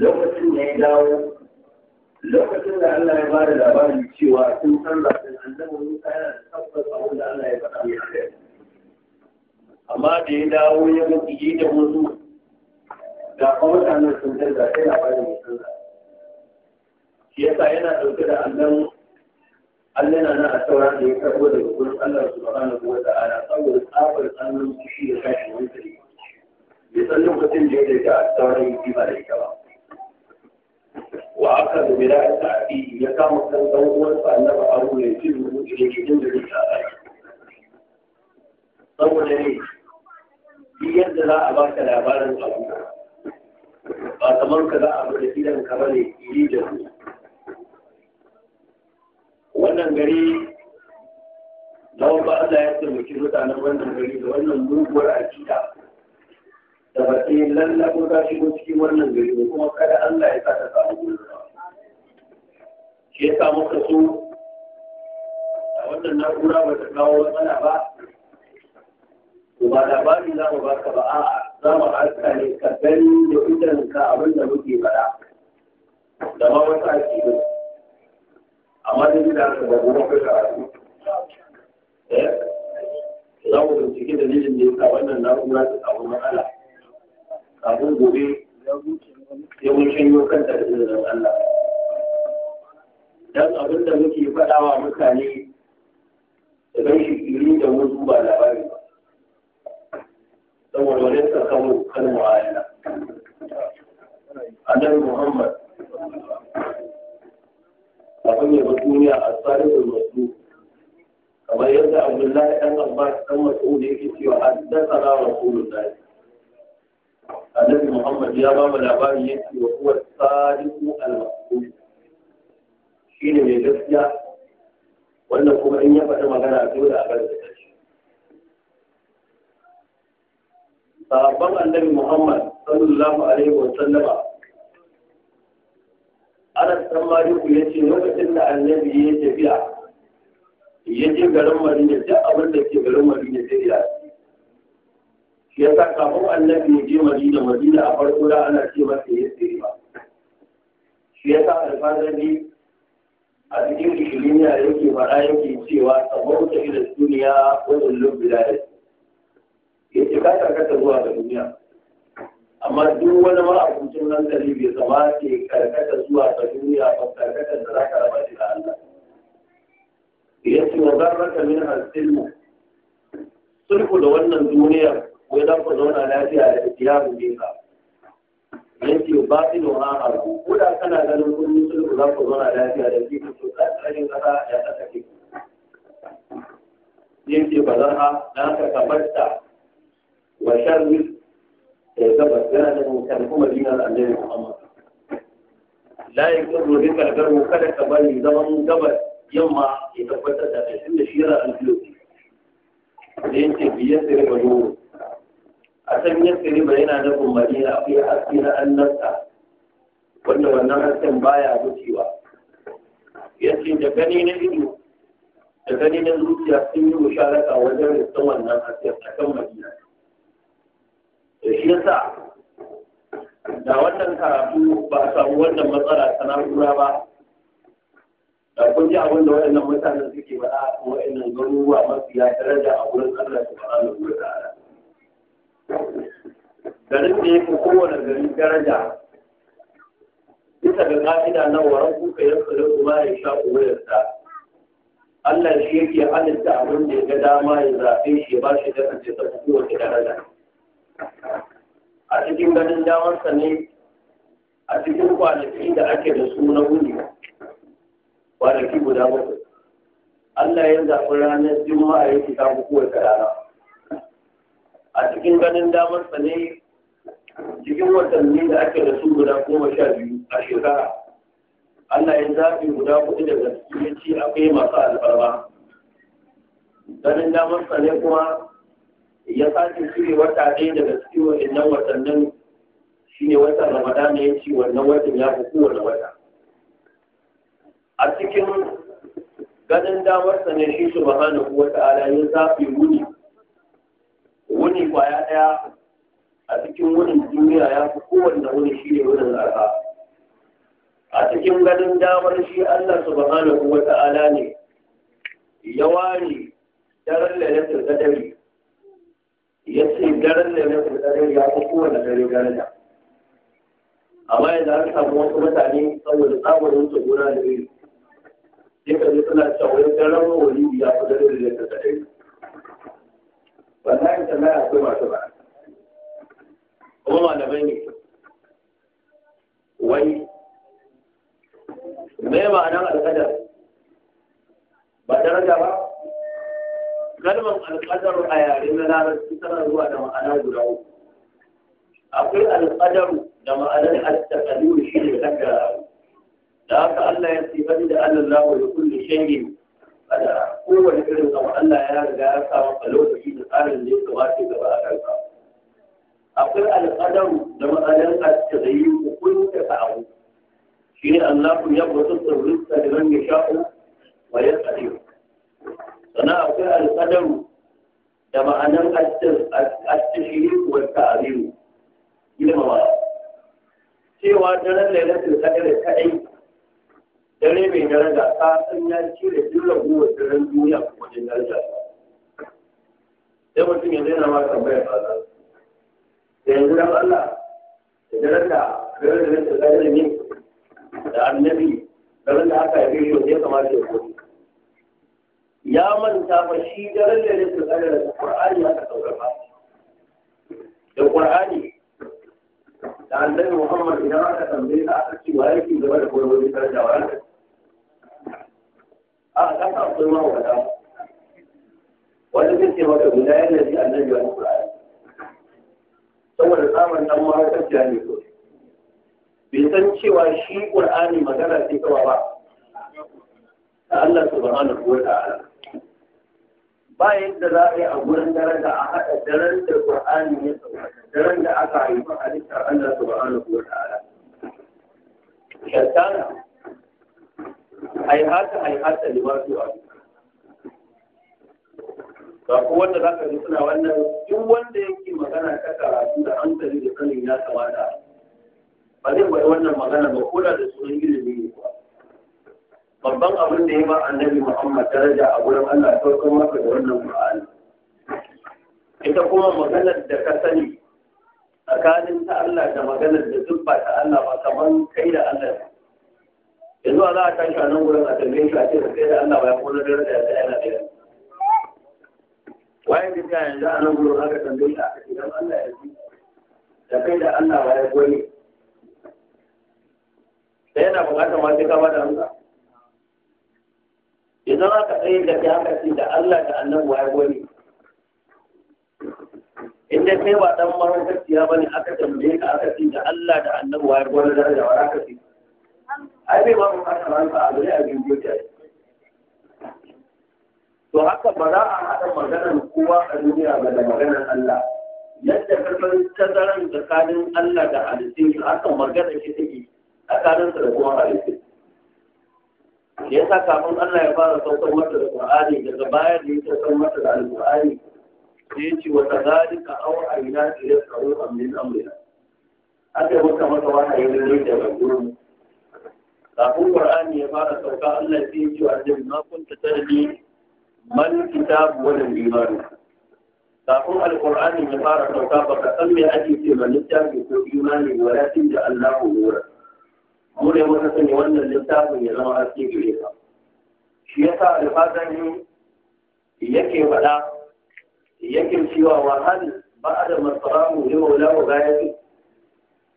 lokacin da ya dawo lokacin da Allah ya bada labarin cewa sun san zafin annabi Musa yana da tabbas abin da Allah ya faɗa mai akai amma da ya dawo ya ga kije da wasu ga mutanen sun canza sai labarin ya canza shi yasa yana ɗauke da annan Allah na a saura da ya karɓo daga gurin Allah kuma da ana saboda tsabar tsanin shi da kashi wani bai san lokacin da ya daita a saurayi ba da ita ba وأخذ بلا تعبيه يقام التنظر فأنه أروا يجبه إليه جنب الإساءة طول لي بيد لا أباك العبارة الأولى فأتمر كذا أبو لكيلا كمالي يريده wannan gari lawan ba Allah ya taimaki mutanen wannan gari da wannan muguwar akida da ba sai lallabo ta shigo cikin wannan gari ne kuma kada Allah ya sa ta samu gurin shi ya sa muka so a wannan na'ura ba ta kawo matsala ba to ba labari za mu ba ka ba a'a za mu haska ne ka gani da ka abin da muke faɗa da ma wasu a cikin amma da gida ka ba kuma ka karatu eh? za mu bincike dalilin da ya sa wannan na'ura ta samu matsala kafin gobe ya wuce yau kanta da izinin Allah. Dan abin da muke faɗa wa mutane da ban shi iri da wasu ba labari ba. Saboda wani sakamu kan wa'ala. Adam Muhammad abin yaba duniya a tsarin masu kamar yadda Abdullahi ɗan Abbas ɗan Mas'ud yake cewa haddasa na Rasulullahi annabi Muhammad ya ba mu labari yake wa huwa sadiqu al shi shine mai gaskiya wannan kuma in ya faɗi magana dole a bar shi sahabban annabi Muhammad sallallahu alaihi wa sallama Anas dan Maliku yace lokacin da annabi ya tafiya ya je garin Madina duk abin da ke garin Madina sai ya shi yasa kafin annabi ya je madina madina a farko da ana ce masa ya tsere ba shi ya yasa alfazari a cikin ishirin ya yake faɗa yake cewa sabon ta ila duniya wajen lubbila da ya ce ka karkata zuwa da duniya amma duk wani ma'abucin hankali bai zama ke karkata zuwa ga duniya ba karkata da za ka raba shi da Allah. Ya ce wa zarraka min mu. sulhu da wannan duniyar wai zan ku zauna lafiya da iyamu ne ka yanki ba su nuna a ko da kana ganin kun yi sulhu za ku zauna lafiya da ke ku tsarin kasa ya tsaka ke yanki ba zan ha na ka kabarta wa sharri da ya gabas yana da mutan kuma dinar annabi muhammad la yakunu bika al-garbu kada ka bari zaman gabas yamma ya tabbatar da kai tunda shi yana al-filosofi yanki biyar da rayuwa a can yaskariba yana nufin madina akwai haske na annabta wanda wannan hasken baya wucewa ya ce da gani na ido da gani na zuciya sun yi musharaka wajen sun wannan hasken a kan madina da shi yasa da wannan karatu ba a samu wannan matsala ta na'ura ba da kun ji abin da waɗannan mutanen suke faɗa a waɗannan garuruwa mafiya daraja a wurin Allah subhanahu wa ta'ala garin da ya fi kowane gari daraja bisa ga ka'ida na waran kuka ya tsare kuma ya sha koyarsa Allah shi yake halitta abin da ya ga dama ya zaɓe shi ba shi da kace ta kowace daraja a cikin ganin damarsa ne a cikin kwanaki da ake da su na wuni kwanaki guda bakwai Allah ya zaɓi ranar juma'a ya fita kowace rana a cikin ganin damar sa ne cikin watanni da ake da su guda goma sha biyu a shekara Allah ya zaɓi guda kuɗi daga ci akwai masu alfarma ganin damar sa ne kuma ya sake shirya wata ɗaya daga cikin wa'annan watannin wata ramada ramadana ya ci wannan watan ya fi kowane wata a cikin ganin damar sa ne shi kuwa ta'ala ya zaɓi wuni wani kwaya ɗaya a cikin wunin duniya ya fi kowanne wani shi ne wunin arha a cikin ganin damar shi Allah subhanahu wa ta'ala ne ya ware daren lalatar dare ya ce daren lalatar dare ya fi kowanne dare da amma yanzu an samu wasu mutane saboda tsabarin su da iri sai ka ji suna cewa wani daren wani ya fi daren lalatar kadari wallahi da na masu kuma malamai ne wai me ma'anar ba daraja ba a yare na larabci tana zuwa da ma'ana guda uku akwai da ma'anar shi ne haka Allah ya sifanta da Allah ya kada kowane irin abu Allah ya riga ya sa maka lokaci da tsarin da ya kamata gaba a kanka akwai alƙadaru da matsalar ta da yi hukunta ta abu shi ne Allah ku ya mutu da da nan ya sha'u wa ya tsare sannan akwai alƙadaru da ma'anar attashiri wa ta'abiru ilmawa cewa daren lailatul qadr ta aiki dare mai daraja ta san ya cire duk raguwar daren duniya wajen daraja ta sai mutum ya daina ma tambayar fata da yanzu dan Allah da daraja daren da ta zai ne da annabi daren da aka yi yau ne kamata ya koyi ya manta ba shi daren da ne ta tsare da Qur'ani aka ba. da Qur'ani da annabi Muhammad idan aka tambaye ka aka ce wa yake gaba da koyo da daraja wa a ka sa akwai ma wata wani zai ce maka guda yana ji annabi wani kur'ani saboda tsaman nan ma haka ne ko bai san cewa shi qur'ani magana ce kawa ba da Allah subhanahu wa ta'ala ba yadda za a yi a gurin daren da a haɗa daren da Qur'ani ya sauka daren da aka haifa haifi halittar Allah subhanahu wa ta'ala shaitana Ai aihata aihata limatu a ba ko wanda za ka suna wannan duk wanda yake magana ta karatu da hankali da sanin ya kamata ba zai bai wannan magana ba ko da sunan ilimi ne ba babban abin da ya ba annabi Muhammad daraja a gurin Allah farkon maka da wannan Qur'ani ita kuma maganar da ka sani tsakanin ta Allah da maganar da duk ba ta Allah ba kamar kai da Allah yanzu a za a tashi a nan wurin a tambaye shi a ce sai da Allah bai kuma da rasa ya tsaya na tsaya waye da ta yanzu a nan gurin aka tambaye shi a ce idan Allah ya ji da kai da Allah bai koyi sai yana buƙatar wasu kama da amsa idan aka tsaye da kai haka ce da Allah da annabuwa bai koyi in dai kai ba dan ba ne, aka tambaye ka aka ce da Allah da annabuwa bai koyi da rasa ya ce. ai bai ma bukatar ranka a zai a biyu ta to haka ba za a haɗa maganar kowa a duniya ba da maganar Allah yadda karfar tazaran tsakanin Allah da halittun shi haka maganar shi take tsakanin da kuma halittun ya sa kafin Allah ya fara saukar mata da Qur'ani daga baya da ya saukar mata da Al-Qur'ani sai ya ce wa tazalika aw ayna ila qawmin min amrina aka yi maka mata wahayi ne da gurin kafin qur'ani ya fara sauka Allah sai ya ce wa annabi ma kunta tarbi man kitab wal iman kafin Al-Qur'ani ya fara sauka baka san me ake ce man littafi ko imani walakin da Allahu nura mu ne muka sani wannan littafin ya zama haske gare ka shi yasa alfadani yake faɗa yake cewa wa hal ba'da masarahu yau la wa gayati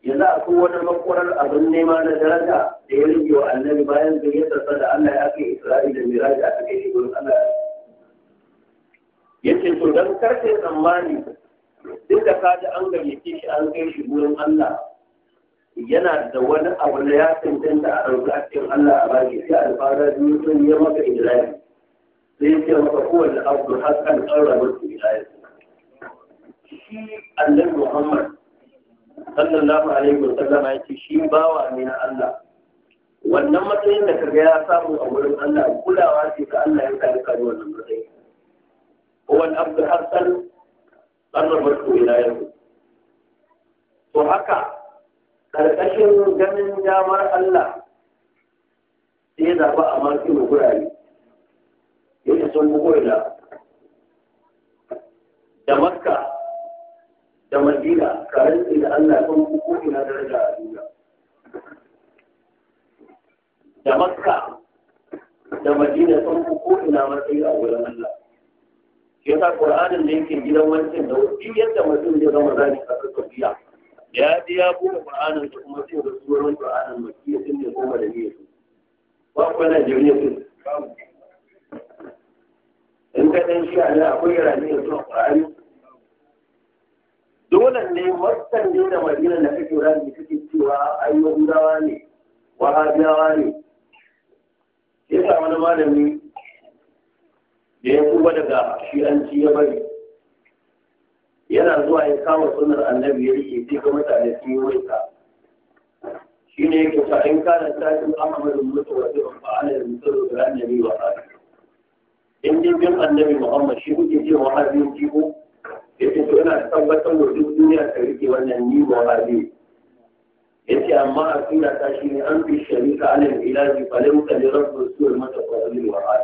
yanzu akwai wani makwarar abin nema na daraja da ya rage wa annabi bayan gayyatarsa da Allah ya kai Isra'ila da Miraji a kai shi gurin Allah yace to dan karfe tsammani duk da ka ji an gayyace shi an kai shi gurin Allah yana da wani abu da ya tantanta a cikin Allah a baki sai alfara biyu sun yi maka Isra'ila sai ce maka kowane abu har kan ƙaura musu Isra'ila shi Allah Muhammad sallallahu alaihi wa sallama yace shi bawa ne na Allah wannan matsayin da kaga ya samu a wurin Allah kulawa ce ta Allah ya kare ka wannan matsayi huwa al-abd hasan qarrabatu ila yau to haka karkashin ganin damar Allah sai ya zaba a mu gurare yake sun koyla da makka da madina karen da Allah sun koyla daraja a duniya da makka da madina sun fi ko ina matsayi a wurin Allah shi yasa qur'anin da yake gidan wancan da wani yadda mutum zai zama zani a saudiya ya ji ya buɗe qur'anin da kuma sai da surorin qur'anin makkiya sun ne kuma da niyyar ba ku yana Najeriya sun in ka dan shi a akwai raniyar zuwa qur'ani dole ne masan ne da madina da kake rani kake cewa ai yahudawa ne wahabiyawa ne yasa wani malami da ya kuma daga shi'anci ya bari yana zuwa ya kama sunar annabi ya rike sai ga mutane sun yi waita shi ne yake ta in kana tashin ahmadu mutu wa zai ba ala da mutu da annabi wa ala in dai bin annabi muhammad shi kuke ce wa ciko Ya ce to ina tabbatar da duk duniya ta rike wannan ni wa hadin yace amma a tura ta shi ne an fi sharika alal ilahi falau kali rabbul sul mata qalil wa hal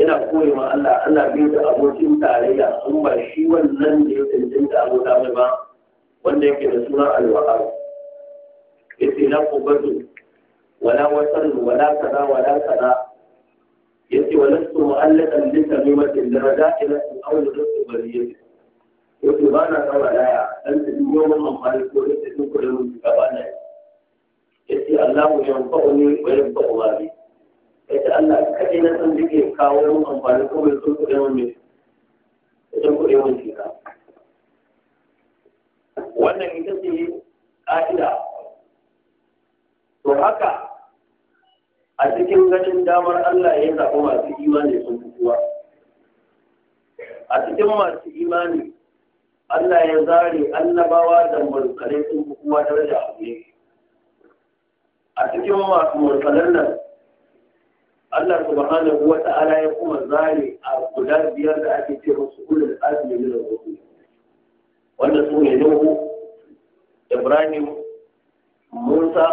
ina koyi ma Allah ana bai da abokin tarayya sun ba shi wannan da ya tantance abota mai ba wanda yake da suna al-wahab yace la qubatu wala wasal wala kaza wala kaza yace walastu mu'allaqan bi tamimatin darajatin aw li rabbul bariyati yace ba na kawalaya dan ta yi yawan amfani ko da ta yi kudin gaba na ya ce Allah mu yan fa'o ne bayan fa'o ba ne ya ce Allah kaɗai na san da kawo mun amfani ko bai sun kudin wani idan kudin wani shi ka wannan ita ce ƙa'ida to haka a cikin ganin damar Allah ya zaɓi masu imani sun fi kowa a cikin masu imani Allah ya zare annabawa da mulkalai sun fi kuma daraja a ne a cikin masu mulkalan nan Allah subhanahu wa ta'ala ya kuma zare a guda biyar da ake ce musu da tsarin da nuna rusul wanda su ne Nuhu Ibrahim Musa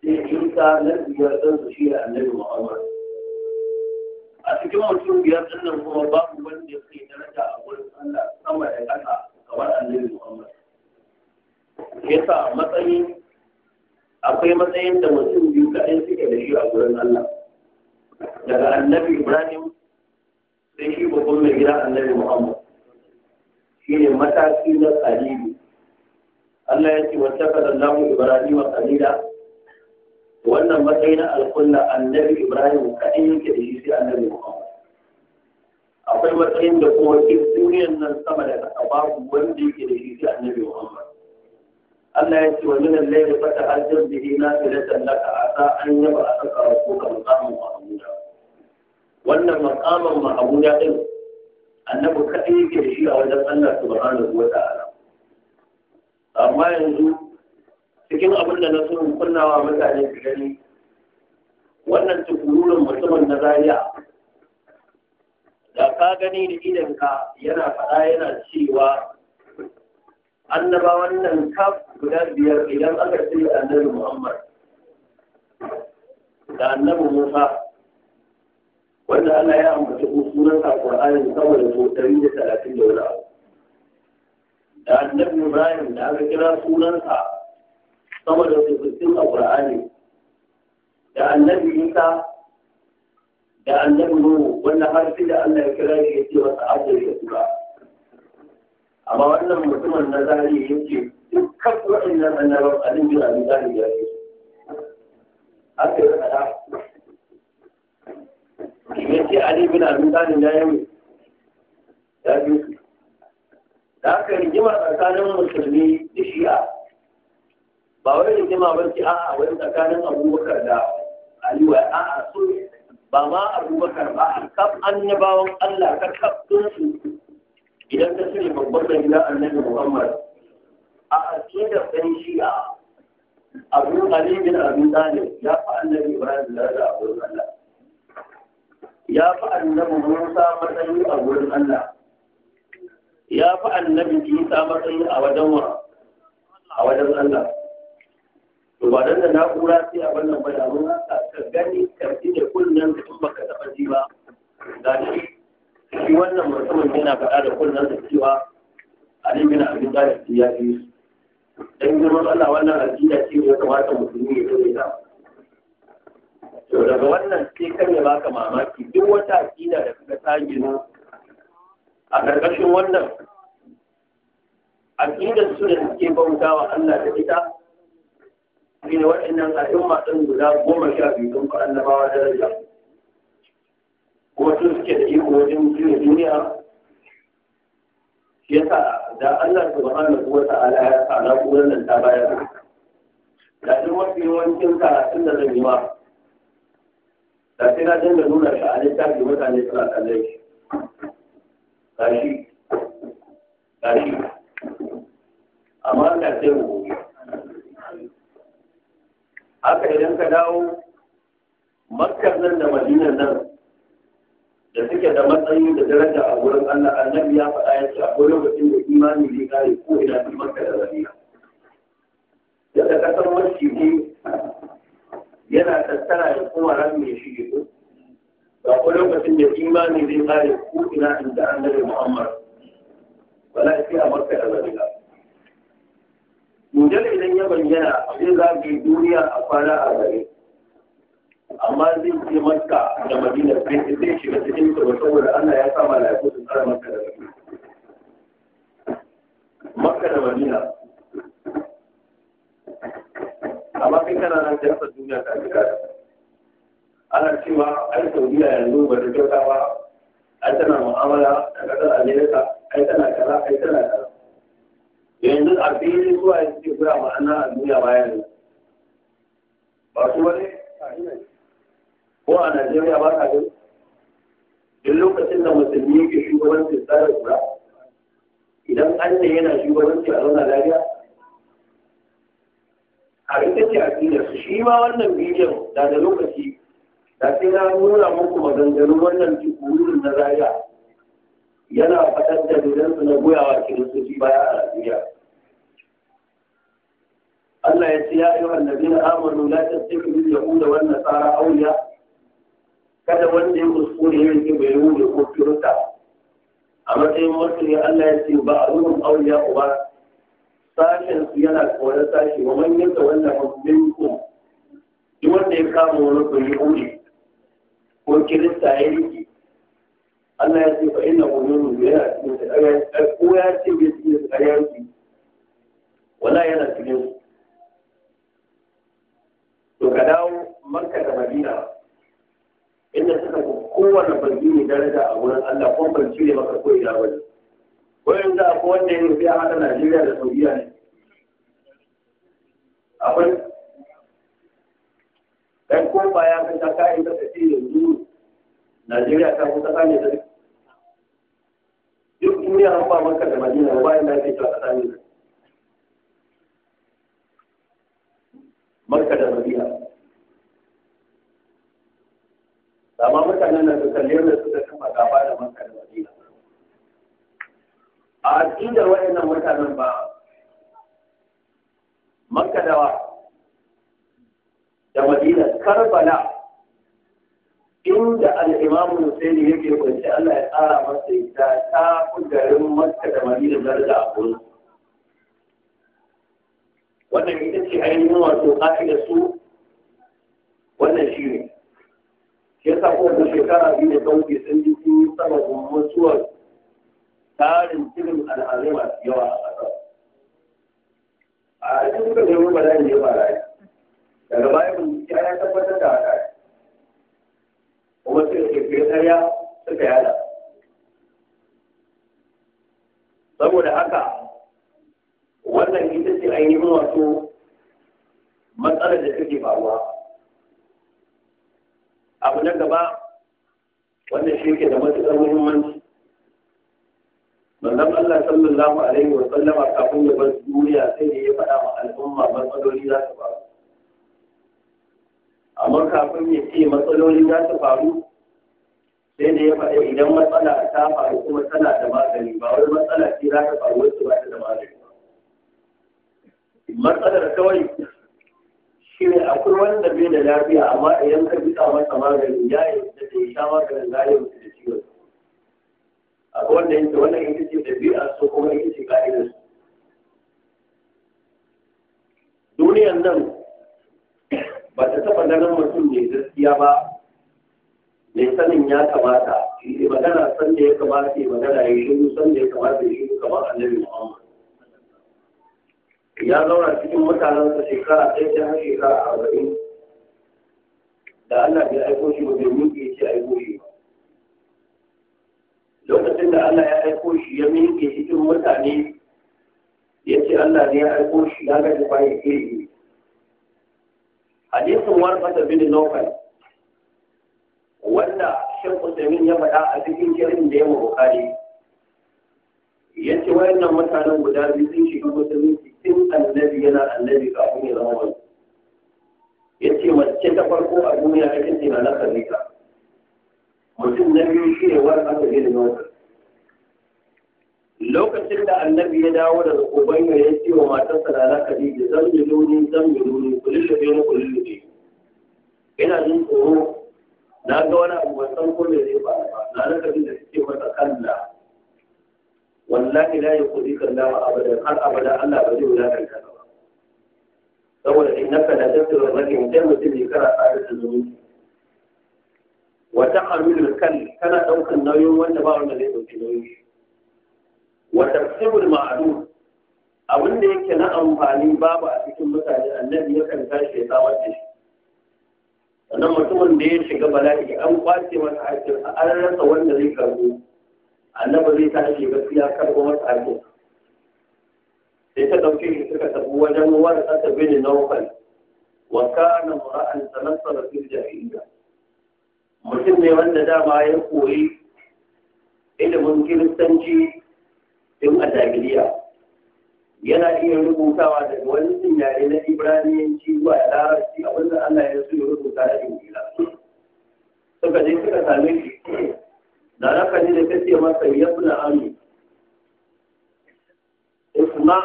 sai Isa na biyar ɗansu shi annabi Muhammad a cikin mutum biyar ɗin nan kuma babu wanda ya kai daraja a wurin Allah sama da ƙasa kamar annabi Muhammad yasa matsayi akwai matsayin da mutum biyu kaɗai suke da shi a wurin Allah daga annabi Ibrahim sai shi babban mai gida annabi Muhammad shi ne mataki na tsalibi Allah ya ce wata kalallahu Ibrahim wa tsalila wannan matsayi na alƙulla annabi ibrahim kaɗai yake da shi sai annabi muhammad akwai matsayin da kuma duk duniyan nan sama da ƙasa babu wanda yake da shi sai annabi muhammad Allah ya ce wa min al-layli fa ta'ajjal bihi nafilatan laka asa an yaba a asaka rabbuka maqaman mahmuda wannan maqaman mahmuda din annabi kaɗai yake da shi a wajen Allah subhanahu wa ta'ala amma yanzu cikin abin da na sun kunnawa mutane su gani wannan tukururin mutumin na zariya da ka gani da idanka yana faɗa yana cewa Annaba wannan kaf guda biyar idan aka ce annabi muhammad da annabi musa wanda Allah ya ambaci sunan a sama da so ɗari da talatin da wani abu da annabi Ibrahim da aka kira sunansa saboda rubutun a ƙur'ani da annabi Isa, da annabi Nuhu wanda har sai da Allah ya kira shi ya ce masa ajiyar ya tura amma wannan mutumin na zari ya ce dukkan waɗannan annabawan alin bin abin zari ya ce aka yi kada ya ce Ali bin abin zari ya yi ya ce da aka rigima tsakanin musulmi da shi'a ba wai rigima ba ce a'a wai tsakanin abubakar da a a'a so ba ma abubakar ba a kaf annabawan Allah ka kaf su idan ka cire babban da gida annabi Muhammad a da ɗan shi'a Abu Ali bin Abi Talib ya fa annabi Ibrahim da da Abu Allah ya fa annabi Musa matsayi a wurin Allah ya fa annabi Isa matsayi a wajen wa a wajen Allah ba dan da na'ura sai a wannan ba da mun ka gani karfi da kullun da kuma ka taba ji ba da shi shi wannan mutumin yana faɗa da kullun da cewa Ali bin abin da ya yi dan girman Allah wannan addini ce ya kamata musulmi ya dole ta to daga wannan sai kan ya baka mamaki duk wata addini da kuka tsage gina a ƙarƙashin wannan aƙidar su da suke bautawa Allah da ita shi ne waɗannan al'umma ɗin guda goma sha biyu don fi annabawa daraja kuma su suke da iko wajen jiya duniya shi yasa da Allah subhanahu wa ta'ala ya sa na nan ta bayar da duk mafi yawancin karatun da zan yi ma da sai na dinga nuna shi a littafi mutane suna tsalle shi gashi gashi amma da sai mu haka idan ka dawo makkar nan da madinan nan da suke da matsayi da daraja a wurin Allah annabi ya faɗa ya ce akwai lokacin da imani zai kare ko ina fi makar da madina yadda kasar ne yana tattara ya kuma ran mai shige ko ga ko lokacin da imani zai kare ko ina inda annabi Muhammad wala sai a makka da madina Dujal idan ya bayyana zai zagaye duniya a kwana a gare. Amma zai ce maka da madina sai zai shiga cikin ta ba saboda Allah ya sa malaiku su tsara maka da maka da madina. Amma kai kana nan da yasa duniya ta fi kada. Ana cewa ai Saudiya yanzu ba ta kyauta ba, ai tana mu'amala da ƙasar Amerika, ai tana kaza, ai tana kaza. yanzu a fili zuwa ya suke kura ma'ana a duniya bayan ba su wani ko a Najeriya ba ka gani duk lokacin da musulmi ke shugabancin tsara kura idan an ne yana shugabanci a zauna lafiya a rike ce a su shi ma wannan bidiyon da da lokaci da sai na nuna muku maganganun wannan cikin na dariya. yana fatar da dudansu na goyawa kiristoci baya a Najeriya. Allah ya ce ya ayyuha alladhina amanu la tattakhidu al-yahuda wan nasara awliya kada wanda ya kuskure yin ki bai yi ko kirta a matsayin mutum Allah ya ce ba a ruhun awliya uba sashen su yana kawar sashi wa man yanta wanda minkum duk wanda ya kama wani yi yahudi ko kirista ya yi Allah ya ce fa inna umuru yana cikin ko ya ce bai cikin tsayarki wala yana cikin su ka dawo Makka da Madina inda suka fi kowane barci ne daraja a wurin Allah ko barci ne maka ko ina bane ko yanzu akwai wanda ya rufe a hada Najeriya da Saudiya ne akwai dan ko ba ya fi ta kai ta ce yanzu Najeriya ta fi ta ne da duk duniya an ba maka da Madina ba ya lafiya ta kasa ne Makka da Madina amma mutanen da suka lera suka kafa gaba da maka da madina a aƙidar waɗannan mutanen ba makka da da madina karbala inda al'imamu Hussein yake kwanci Allah ya tsara masa ita ta fi garin Makka da Madina daraja a gurin. Wannan ita ce ainihin wato ƙa'idar su wannan shi ne. ya sa ko shekara biyu da ɗauke sun ji sun yi sama mutuwar tarin cikin al'adu masu yawa a ƙasa a cikin da yawan bala'i ne ba rayu daga baya bincike ya tabbatar da haka kuma suka kirkiri ƙarya suka yada saboda haka wannan ita ce ainihin wato matsalar da take faruwa abu na gaba wanda shi ke da matuƙar muhimmanci manzon Allah sallallahu alaihi wa sallam kafin ya bar duniya sai da ya faɗa wa al'umma matsaloli za su faru amma kafin ya ce matsaloli za su faru sai da ya faɗa idan matsala ta faru kuma tana da magani ba wani matsala ce za ta faru wacce ba ta da magani ba. matsalar kawai shi ne akwai wanda bai da lafiya amma idan ka bisa masa magani ya yi da ta sha maganin zai mutu da ciwon akwai wanda yake wanda ita ce ɗabi'a so kuma ita ce ka'idar su duniyan nan ba ta taɓa ganin mutum mai gaskiya ba mai sanin ya kamata yi magana san da ya kamata yi magana ya shiru san da ya kamata ya shi kamar annabi Muhammad ya zauna cikin mutanensa shekara ɗaya ta har shekara arba'in da Allah bai aiko shi ba bai miƙe shi aiko shi ba lokacin da Allah ya aiko shi ya miƙe cikin mutane ya ce Allah ne ya aiko shi ya gaji bayan iri hadisin warfata bin nufal wanda shan kusurmin ya faɗa a cikin kirin da ya mabukari ya ce wayannan mutanen guda biyu sun shiga musulunci annabi yana annabi kafin ya zama wani ya ce mace ta farko a duniya ake ce na nasarika mutum na biyu shi ne wani aka gina nawa lokacin da annabi ya dawo da ubayya ya ce wa matarsa da na khadija zan yi nuni zan yi nuni kulilluɓe ni kulilluɓe ina jin tsoro na ga wani abu ban san ko zai ba na na da suke masa kalla wallahi la kalla kallahu abada, har abada Allah ba zai wulaka ka ba saboda innaka da tasiru rahim dai mutum ne kana tsare da zumunci wa da kan kana daukan nauyin wanda ba wanda zai dauki nauyi wa tafsirul ma'adu abin da yake na amfani babu a cikin mutane annabi yakan tashi ya tsawar da shi sannan mutumin da ya shiga bala'i an kwace masa hakkin a ararsa wanda zai karbo annabi zai tashi gaskiya kar kuma tsaro sai ta dauke shi suka tafi wajen warasa ta bin nawfal wa kana mura'an tanassara fil jahiliya mutum ne wanda dama ya koyi ilimin kiristanci tun a jahiliya yana iya rubutawa daga wani yare na ibraniyanci zuwa larabci abinda Allah ya su ya rubuta da injila suka je suka same shi da raka ne da kace masa yabna ami isma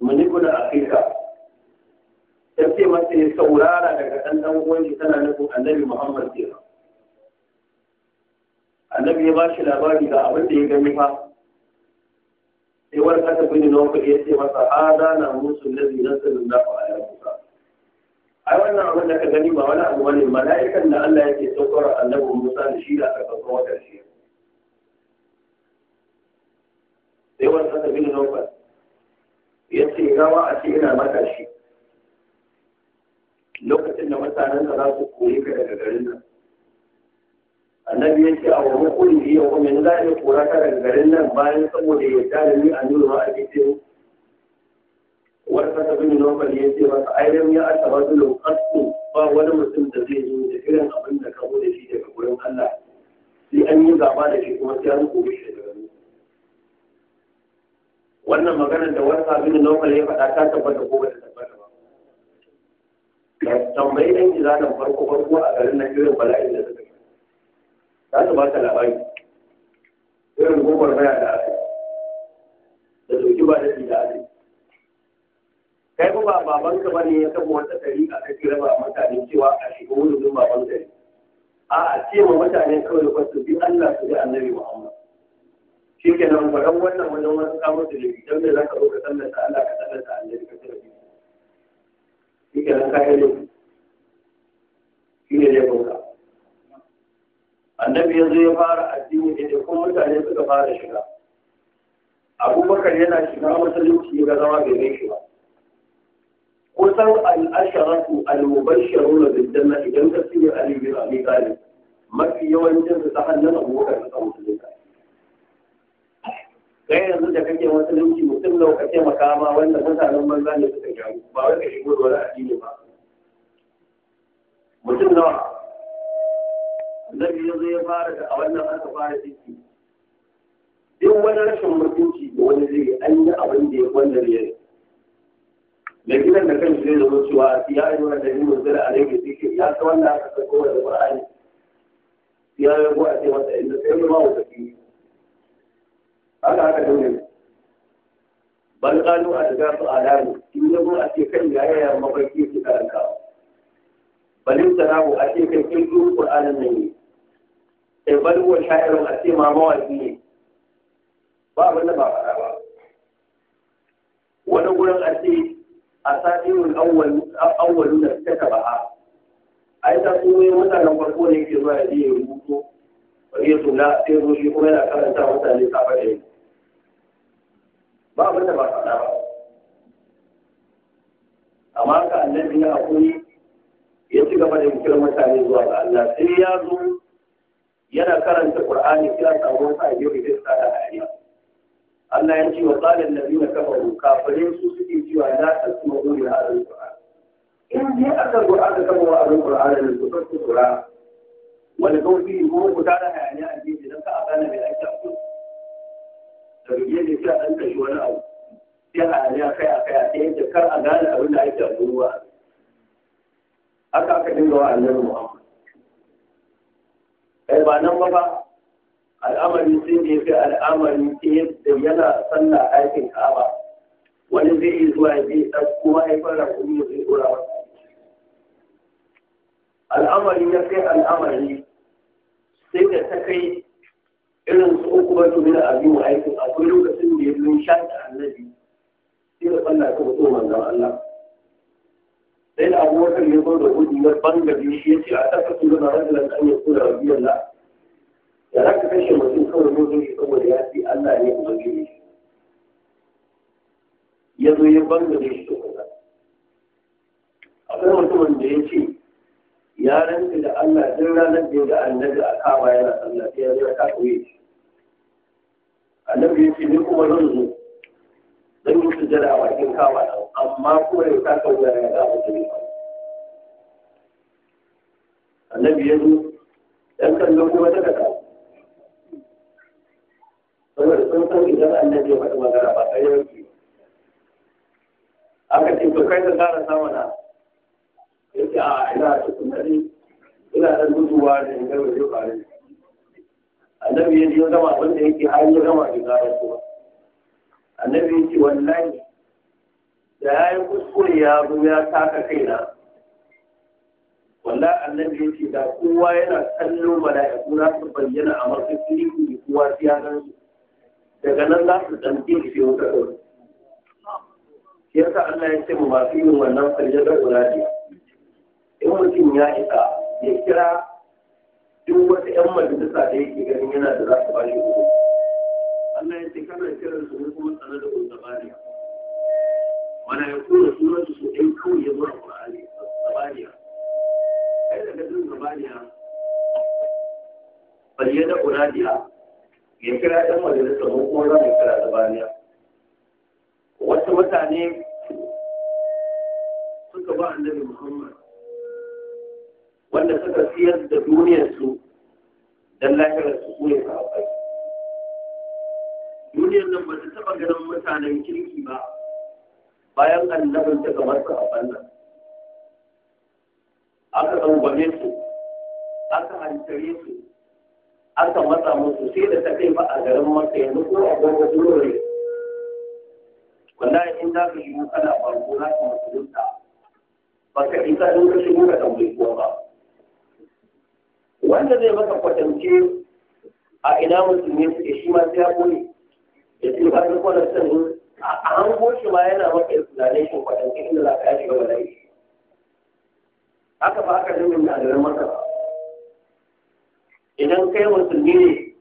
muniguna akika yace masa ya saurara daga dan dan uwan tana nufin annabi Muhammad kenan annabi ya ba shi labari ga abin da ya gani fa sai wani ta bin na wakil ya ce masa hada na musu lazi na sirrin da fa kusa ai wannan abin da ka gani ba wani abu bane mala'ikan da Allah yake saukar annabi Musa da shi da aka saukar wa karshe sai wani sata bin nufar ya ce gawa a ce ina maka shi lokacin da mutanen da za su koyi ka daga garin nan annabi ya ce a wani kuli biyu kuma yanzu za a iya kura ka daga garin nan bayan saboda ya tare ni a nuna a cikin bin Nawfal ya ce masa ai lam ya ata rajulun qattu ba wani mutum da zai zo da irin abin da ka da shi daga gurin Allah sai an yi gaba da shi kuma sai an kore shi daga gare wannan maganar da wasa da Nawfal ya faɗa ta tabbata ko bata tabbata ba tambayi ɗan izanin farko farko a garin na irin bala'in da suka za su ba ta labari irin gogor baya da aka da dauki ba da kai ba baban ka bane ya saba wata tari a kai raba mutane cewa a shiga wurin baban gari a ce ma mutane kawai da kwasu bi Allah su bi annabi Muhammad shi ke nan baran wannan wajen wasu kamar da laifi don da za ka zo ka tallata Allah ka tallata annabi ka tara bi shi ke nan kayan laifi shi ne laifin ka annabi yanzu ya fara addini ne kuma mutane suka fara shiga abubakar yana shiga masallaci ga zama bai mai shi ba kusan al'asharatu al-mubashsharuna na janna idan ka tsira ali bin abi talib mafi yawancin su ta hannun abubakar suka musulunta kai yanzu da kake musulunci mutum nawa ka taimaka ma wanda mutanen banza ne suka gyaru ba wai ka shigo da wani addini ba mutum nawa annabi ya zo ya fara da a wannan aka fara ciki duk wani rashin mutunci da wani zai an yi abin da ya wanda ya yi mai gidan da kan zai zama cewa ya yi wani da yin zira a rage zike ya ta wanda aka ta kowa da ba'ani ya yi ko a ce masa inda sai ma wata fi haka haka da ne bal qalu a daga su alani in ya zo a ce kan ya yaya mafarki su karanta balin sanahu a ce kai kin duk qur'anin nan ne sai eh, bal wa sha'irun a ce ma mawaki ne ba abin da ba faɗa ba wani gurin a ce asatirul awwalu da suka taba a ai ta su ne mutanen farko ne ke zuwa ya je ya rubuto bare su na sai zo shi kuma yana karanta mutane safa da yi ba abin da ba ta ba amma ka annabi ya hakuri ya ci gaba da kira mutane zuwa ga Allah sai ya zo yana karanta Qur'ani kira samu wani sahibi da ya tsada a ayyuka Allah ya ce wa tsarin da biyu na kafaru kafirin su suke cewa za ta kuma gori a arin Qur'an in dai aka zo aka kama wa arin Qur'an da su kan kusura wani kawai kuma ku tara hayaniya a jiji don ka a nabi aiki a ku da rige ne sai an kashi wani abu sai hayaniya kai a kai a ta yadda kar a gane abin da ake a ruwa haka aka dinga wa annabi Muhammad kai eh, ba nan ba ba al'amari sai da ya fi al'amari ta yadda yana sallah aikin kaba wani zai yi zuwa ya zai kuma haifar da kuma zai ɗora wata al'amari ya fi al'amari sai da ta kai irin su uku ba su mina abin aikin akwai lokacin da ya zo da annabi sai da sallah ta mutu manzon Allah sai da abubakar ya zo da hudu ya bangare shi ya ce a taka su da rajulan an yi kula rabiyallah da za ka kashe mutum kawai mun shi saboda ya fi Allah ne ubangiji ya zo ya banga da shi saboda akwai mutumin da ya ce ya rantsi da Allah duk ranar da ya ga annabi a kama yana sallah sai ya zo ya kafa wuya annabi ya ce ni kuma zan zo zan yi sujada a bakin kama amma kuma ya kafa wuya ya ga mutum annabi ya zo dan kallon kuma ta kasa sun san idan annabi ya faɗi magana ba sai yanki aka ce to kai ka ƙara samana ya ce a ina cikin nari ina da guduwa da in gaba zai faru annabi ya je gama abin da yake har ya gama da gara kuma annabi ya ce wannan da ya yi kuskure ya zo ya taka kaina wallahi annabi ya ce da kowa yana kallo mala'iku na su bayyana a matsayin kowa sai ya gan su daga nan za su ɗan ɗin fiye wata ɗauki Ya yasa Allah ya ce mu masu yin wannan da sujjadar ne. in mutum ya isa ya kira duk wata ƴan majalisa da yake ganin yana da za su ba shi hukunci Allah ya ce kana kiran su ne kuma tsana da ulzabariya wala ya kura sunan su ɗin kawai ya zuwa Qur'ani zabariya kai daga jin zabariya bal yada uradiya ya kira ɗan majalisa mu kuma zan mu kira zabaniya wasu mutane suka ba annabi muhammad wanda suka siyar da duniyarsu don lahirar su ne ka haɓai duniyar nan ba ta taɓa ganin mutanen kirki ba bayan annabin ta kamar su a fannin aka ɗaubame su aka hantare su aka matsa musu sai da ta kai ba a garin maka yanzu ko a gwamna dole wallahi in za ka yi kana farko za ka musulunta ba ka isa in ka shigo ka tambayi kuwa ba wanda zai maka kwatance a ina musulmi suke shi ma sai ya koyi ya ce ba duk kwanar sanin a an shi ma yana maka shi kwatance inda za ka gaba shiga bala'i haka ba ka dinga na garin masa. ba idan kai musulmi ne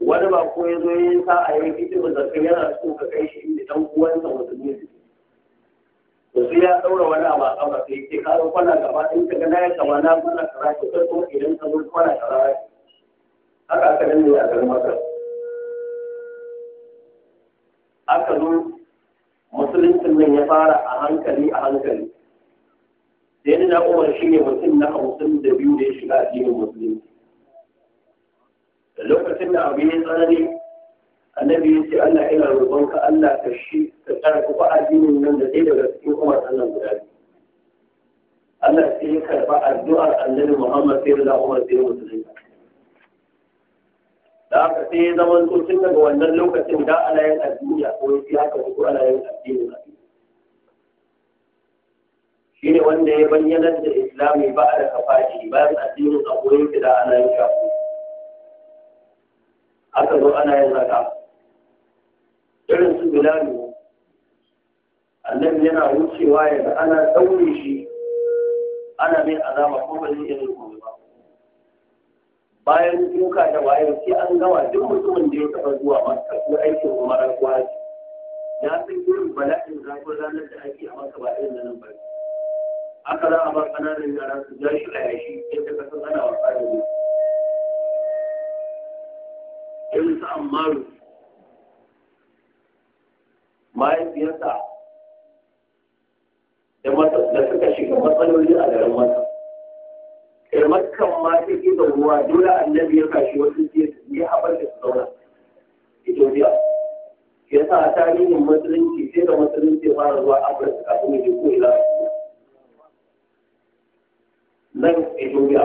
wani ba ko ya zo yin sa a yanki fitimin zarfi yana so ka kai shi inda dan uwansa musulmi ne wasu ya ɗaura wani abu a ƙafa sai ke karo kwana gaba in ka gana ya kama na kwana kara to kai idan ka zuwa kwana kara haka aka danne a garin masar aka zo musulmin nan ya fara a hankali a hankali da yadda na umar shi ne mutum na hamsin da biyu da ya shiga cikin musulmi da lokacin da abu ya tsanani annabi ya ce Allah ina ka Allah ka shi ka tsara kuma addinin nan da ɗaya daga cikin umar Allah guda biyu Allah sai ya karɓa addu'ar annabi Muhammad sai da Umar sai musulunci da aka sai ya zama to tun daga wannan lokacin da ana yin addini a kawai sai haka ko ana yin addini ba. shi ne wanda ya bayyana da islami ba da kafashi bayan addinin a kawai da ana yin shafi aka zo ana yin zaka irin su bilalu annabi yana wucewa ya ga ana daure shi ana mai azaba ko ba zai iya komai ba bayan duka da waye sai an gawa duk mutumin da ya taɓa zuwa maka ko aikin kuma kwaji ya san irin bala'in zafin ranar da ake a maka ba irin nan ba aka za a bar ƙananan yara su ja shi a yashi yadda ka san ana wasa da zuwa irin su ammaru mahaifiyarsa da suka shiga matsaloli a garin masa irmakan ma ta ke da ruwa dole annabi ya kashi wasu su yi haɓar da su zauna ethiopia ya sa a tarihin musulunci sai da musulunci fara zuwa afirka kafin ya je ko ila nan ethiopia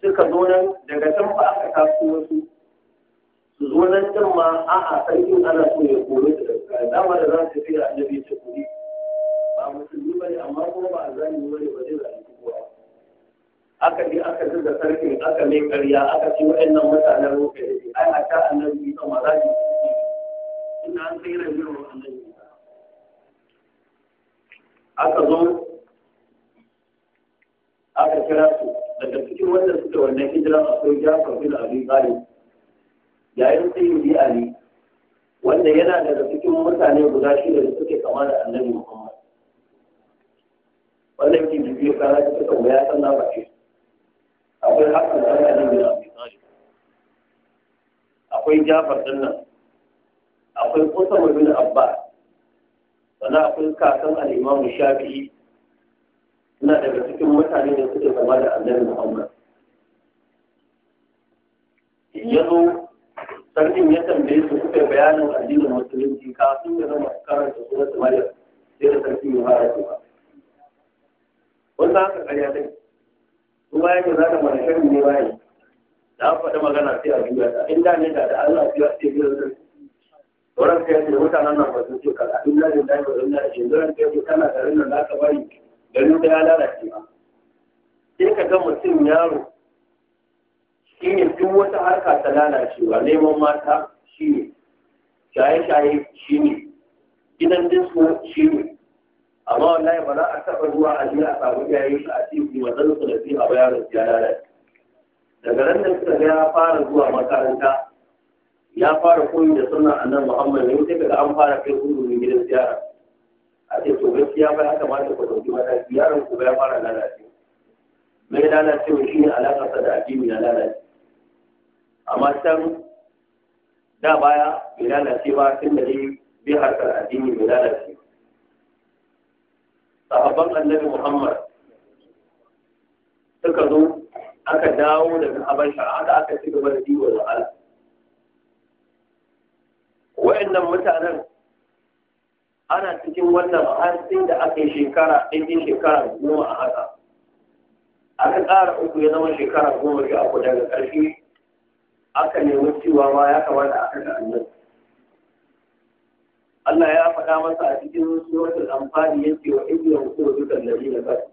suka zo nan daga can ba aka taso wasu wannan din ma a a sarkin ana so ya kore su daga kare dama da za su fi da annabi ta kore ba musulmi ba ne amma kuma ba a zani ba ne ba zai zani kowa aka je aka zuga sarkin aka mai karya aka ce waɗannan mutanen rufe da ke ai a ta annabi ita ma za su ina an sai rabin wa annabi aka zo aka kira su daga cikin wanda suka wannan hijira akwai jafar bin abi talib yayin sayyidi ali wanda yana daga cikin mutane guda shida da suke kama da annabi muhammad wanda yake bibiyo kana ta suka wuya san na bace akwai hakan da ali bin abin tsari akwai jafar din nan akwai mai bin abba. sannan akwai kakan al shafi'i suna daga cikin mutane da suke kama da annabi muhammad yanzu sarkin ya tambaye su kuka bayanin addinin musulunci kafin ya zama karanta suratul maryam sai da sarkin ya fara ba. Wanda haka ƙarya dai kuma yake za ta mara shirin ne bayan da faɗi magana sai a duniya ta inda ne da da Allah ya sai biyar da sauran kai da mutanen nan ba su ce kaza in da da ba in da shi kai ce kana garin nan aka bari garin da ya lalace ba sai ka ga mutum yaro shi ne duk wata harka ta lalacewa neman mata shi ne shaye-shaye shi ne gidan disko shi ne amma wallahi ba za a taɓa zuwa a jiya a samu iyaye shi a cikin mazan su da a ba yaron ya lalace daga nan da suka ga ya fara zuwa makaranta ya fara koyi da sunan annan muhammad ne wuce daga an fara kai gudunin gidan ziyara a ce to gaskiya ba ya kamata ku ɗauki mataki yaron ku ba ya fara lalace mai lalacewa shi ne alaƙarsa da addini na lalace amma can da baya bai lalace ba tun da dai bai harkar addini bai lalace sahabban annabi muhammad suka zo aka dawo daga habasha haka aka ci gaba da diwa da ala wa'annan mutanen ana cikin wannan har sai da aka yi shekara ɗin shekara goma a haka aka ƙara uku ya zama shekara goma sha uku daga ƙarshe aka nemi cewa ma ya kamata a kashe annabi Allah ya faɗa masa a cikin suratul amfani yake wa ibnu dukkan dukal ladina kafaru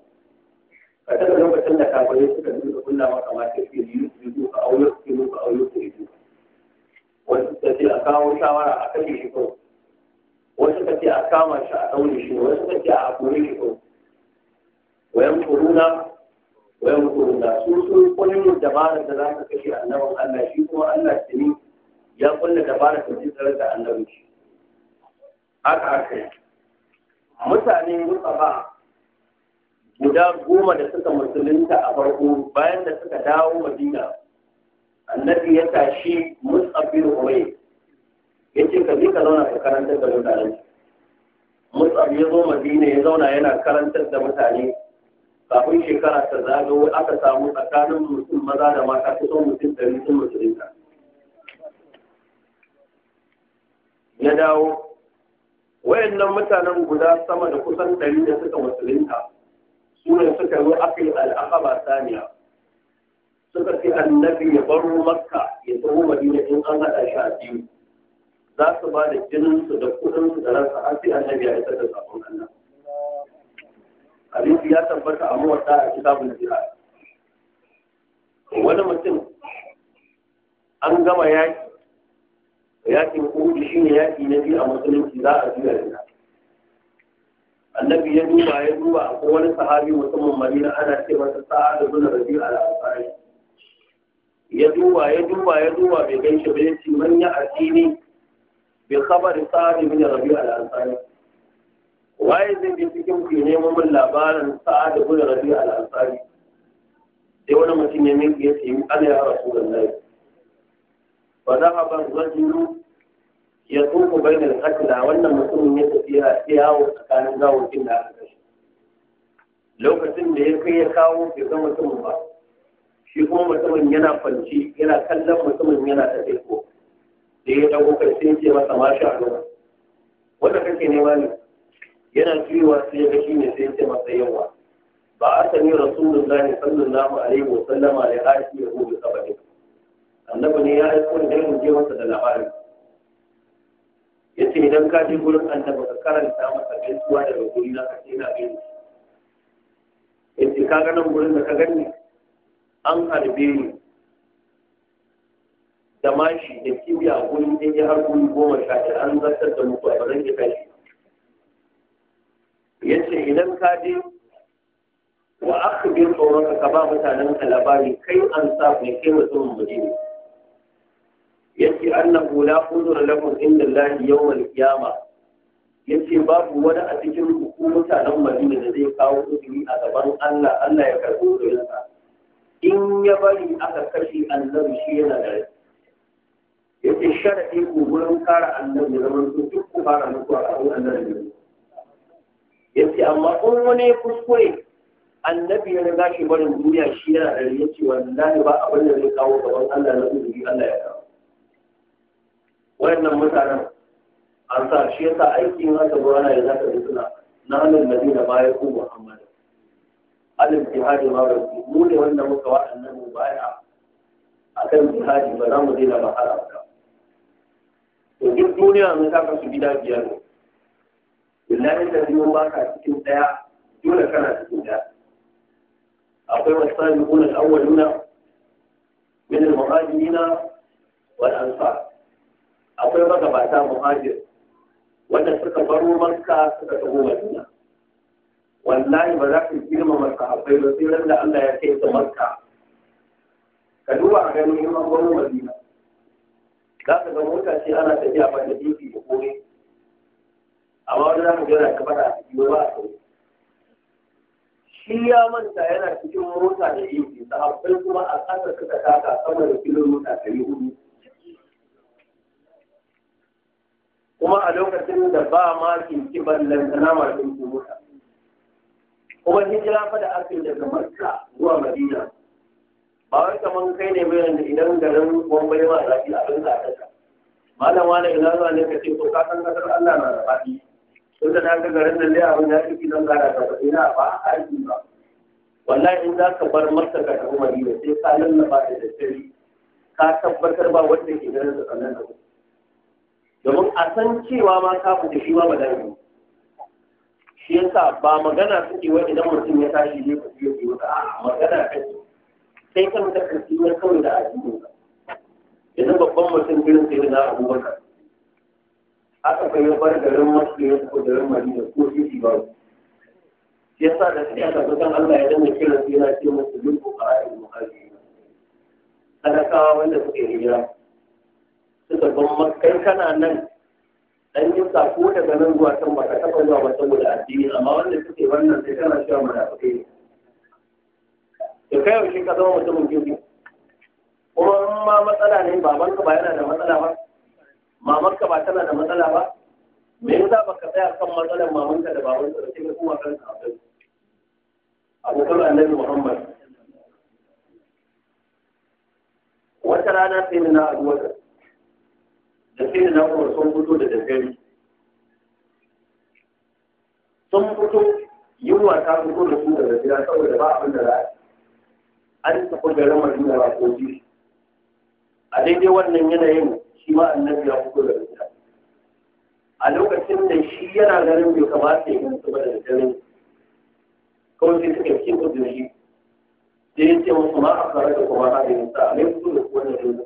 ka taɓa lokacin da kafirai suka dinga kulla maka ma take yi su yi ka auyo su yi ka auyo su yi wasu ta ce a kawo shawara a kashe shi kawai wasu suka ce a kama shi a ɗaure shi wasu suka ce a kore shi kawai wayan kuruna wayan kurna su sun kullum dabarar da za ka kashe annabin Allah shi kuma Allah ne ya kulle dabarar da zai tsare da annabin shi haka haka yi mutane ba guda goma da suka musulunta a farko bayan da suka dawo madina annabi ya tashi musabir umay ya ce ka bi ka zauna ka karantar da mutane musab ya zo madina ya zauna yana karantar da mutane kafin shekara ta zagawo aka samu tsakanin mutum maza da mata kusa mutum ɗari sun musulunta ya dawo wayannan mutanen guda sama da kusan ɗari da suka musulunta su ne suka zo aka yi ba saniya suka ce annabi ya baro makka ya taho madina in an haɗa shi a biyu za su ba da jininsu da kuɗinsu da ransa har sai annabi ya isa da sabon Allah hadisi ya tabbata a da a kitabun jira. wani mutum an gama yaki yakin uhud shi ne yaki na biyu a musulunci za a biya da annabi ya duba ya duba a wani sahabi musamman madina ana ce masa sa'a da zuna rabi al ansari ya duba ya duba ya duba bai gan shi ba ya ce man ya asini bi khabar sa'a da zuna rabi al ansari waye zai je cikin ku nemo mun labarin sa'ad ibn rabi al-ansari sai wani mutum ya mai ya ce ana ya rasulullahi fa dhahaba rajulu yatufu bayna al-qatla wannan mutumin ya tafiya yawo tsakanin gawokin da aka kashe lokacin da ya kai ya kawo bai ga mutumin ba shi kuma mutumin yana kwanci yana kallon mutumin yana tafiya ko da ya dago kai sai ya ce masa masha Allah wanda kake nema ne yana cewa sai ga shi ne sai ce masa yawa ba a sani rasulullahi sallallahu alaihi wa sallama da aiki ya gobe ne annabi ne ya aiko da yin je masa da labarin ce idan ka je gurin annabi ka karanta masa gaisuwa daga rukuri na ka ce na ya ce ka ganin nan gurin da ka gani an harbe ni da mashi da kibiya gurin ɗaya har guri goma sha an zartar da mutuwa ba zan yi kai yace idan ka je wa bi tsoron ka ba mutanen ka labari kai an sa ne kai mutum ne yace annahu la qudur lakum inda Allah yawm al-qiyama yace babu wani a cikin ku mutanen Madina da zai kawo uzuri a gaban Allah Allah ya karbo uzurinsa in ya bari aka kashe annabi shi yana da yace sharadi ku gurin kare annabi zaman su duk ku fara mutuwa a annabi yake amma in wani kuskure annabi ya riga shi barin duniya shi yana da ya ce wallahi ba abin da zai kawo gaban Allah na uzuri Allah ya kawo wayannan mutanen an sa shi yasa aikin haka ruwana ya zaka da suna na halin madina baya ko muhammad alim jihadi ma ba mu ne wanda muka wa annabi baya akan jihadi ba za mu daina ba har abada to duk duniya mun saka su gida biyar ne billahi da biyu ba ka cikin ɗaya dole kana cikin ɗaya akwai wasu sami kuna al'awwaluna min al-muhajirina wal ansar akwai magabata muhajir wanda suka baro maka suka taho madina wallahi ba za ka girmama sahabbai ba sai ran da Allah ya kai su maka. ka duba a ganin in an baro madina za ka ga mota ce ana tafiya ba da titi da kore. amma wani za ka gana ka fada a cikin ba a shi ya manta yana cikin mota da yi sahabbai kuma a ƙasa suka taka sama da filin mota ta yi hudu kuma a lokacin da ba ma kinki ballan da masu mota kuma hijira fa da aka daga makka zuwa madina ba wai kaman kai ne bayan da idan garin bombai ma zafi a rinka ta malam wani ina zuwa ne ka ce ko ka san kasar Allah na da faɗi tun da na ga garin nan dai abin da ya fi nan gara da ina ba aiki ba wallahi in za ka bar masa ka tafi madina sai ka lallaba da daddare ka tabbatar ba wanda ke ganin da sannan da domin a san cewa ma ka fita shi ma ba dai shi yasa ba magana suke wa idan mutum ya tashi ne ku fiye ku a magana kake sai kan da kan kawai da addini yanzu babban mutum irin sai da Abubakar aka kai ya bar garin masu ya ko garin madina ko shi ba shi yasa da suke aka kan Allah ya dama kira su yana ce musu duk buƙatar muhajiri sadakawa wanda suke hijira suka ban makai kana nan dan sa ko daga nan zuwa can ba ka taɓa zuwa ba saboda addini amma wanda suke wannan sai kana cewa munafikai da kai shi ka zama mutumin kirki kuma ma matsala ne babanka ba yana da matsala ba mamanka ba tana da matsala ba me yasa baka tsaya kan matsalar mamanka da babanka da sai ka kuma kanka a kai abokan annabi Muhammad wata rana sai na addu'a da sai na kuma sun fito da daddare sun fito yunwa ta fito da su daga gida saboda ba abin da za a an tafi garin Madina ba ko a daidai wannan yanayin shi ma annabi ya fito da ita a lokacin da shi yana ganin bai kamata ya musu ba da dare kawai sai suka fi shi. sai ya ce musu ma a fara da kuma hada yin sa a mai fito da kowane dare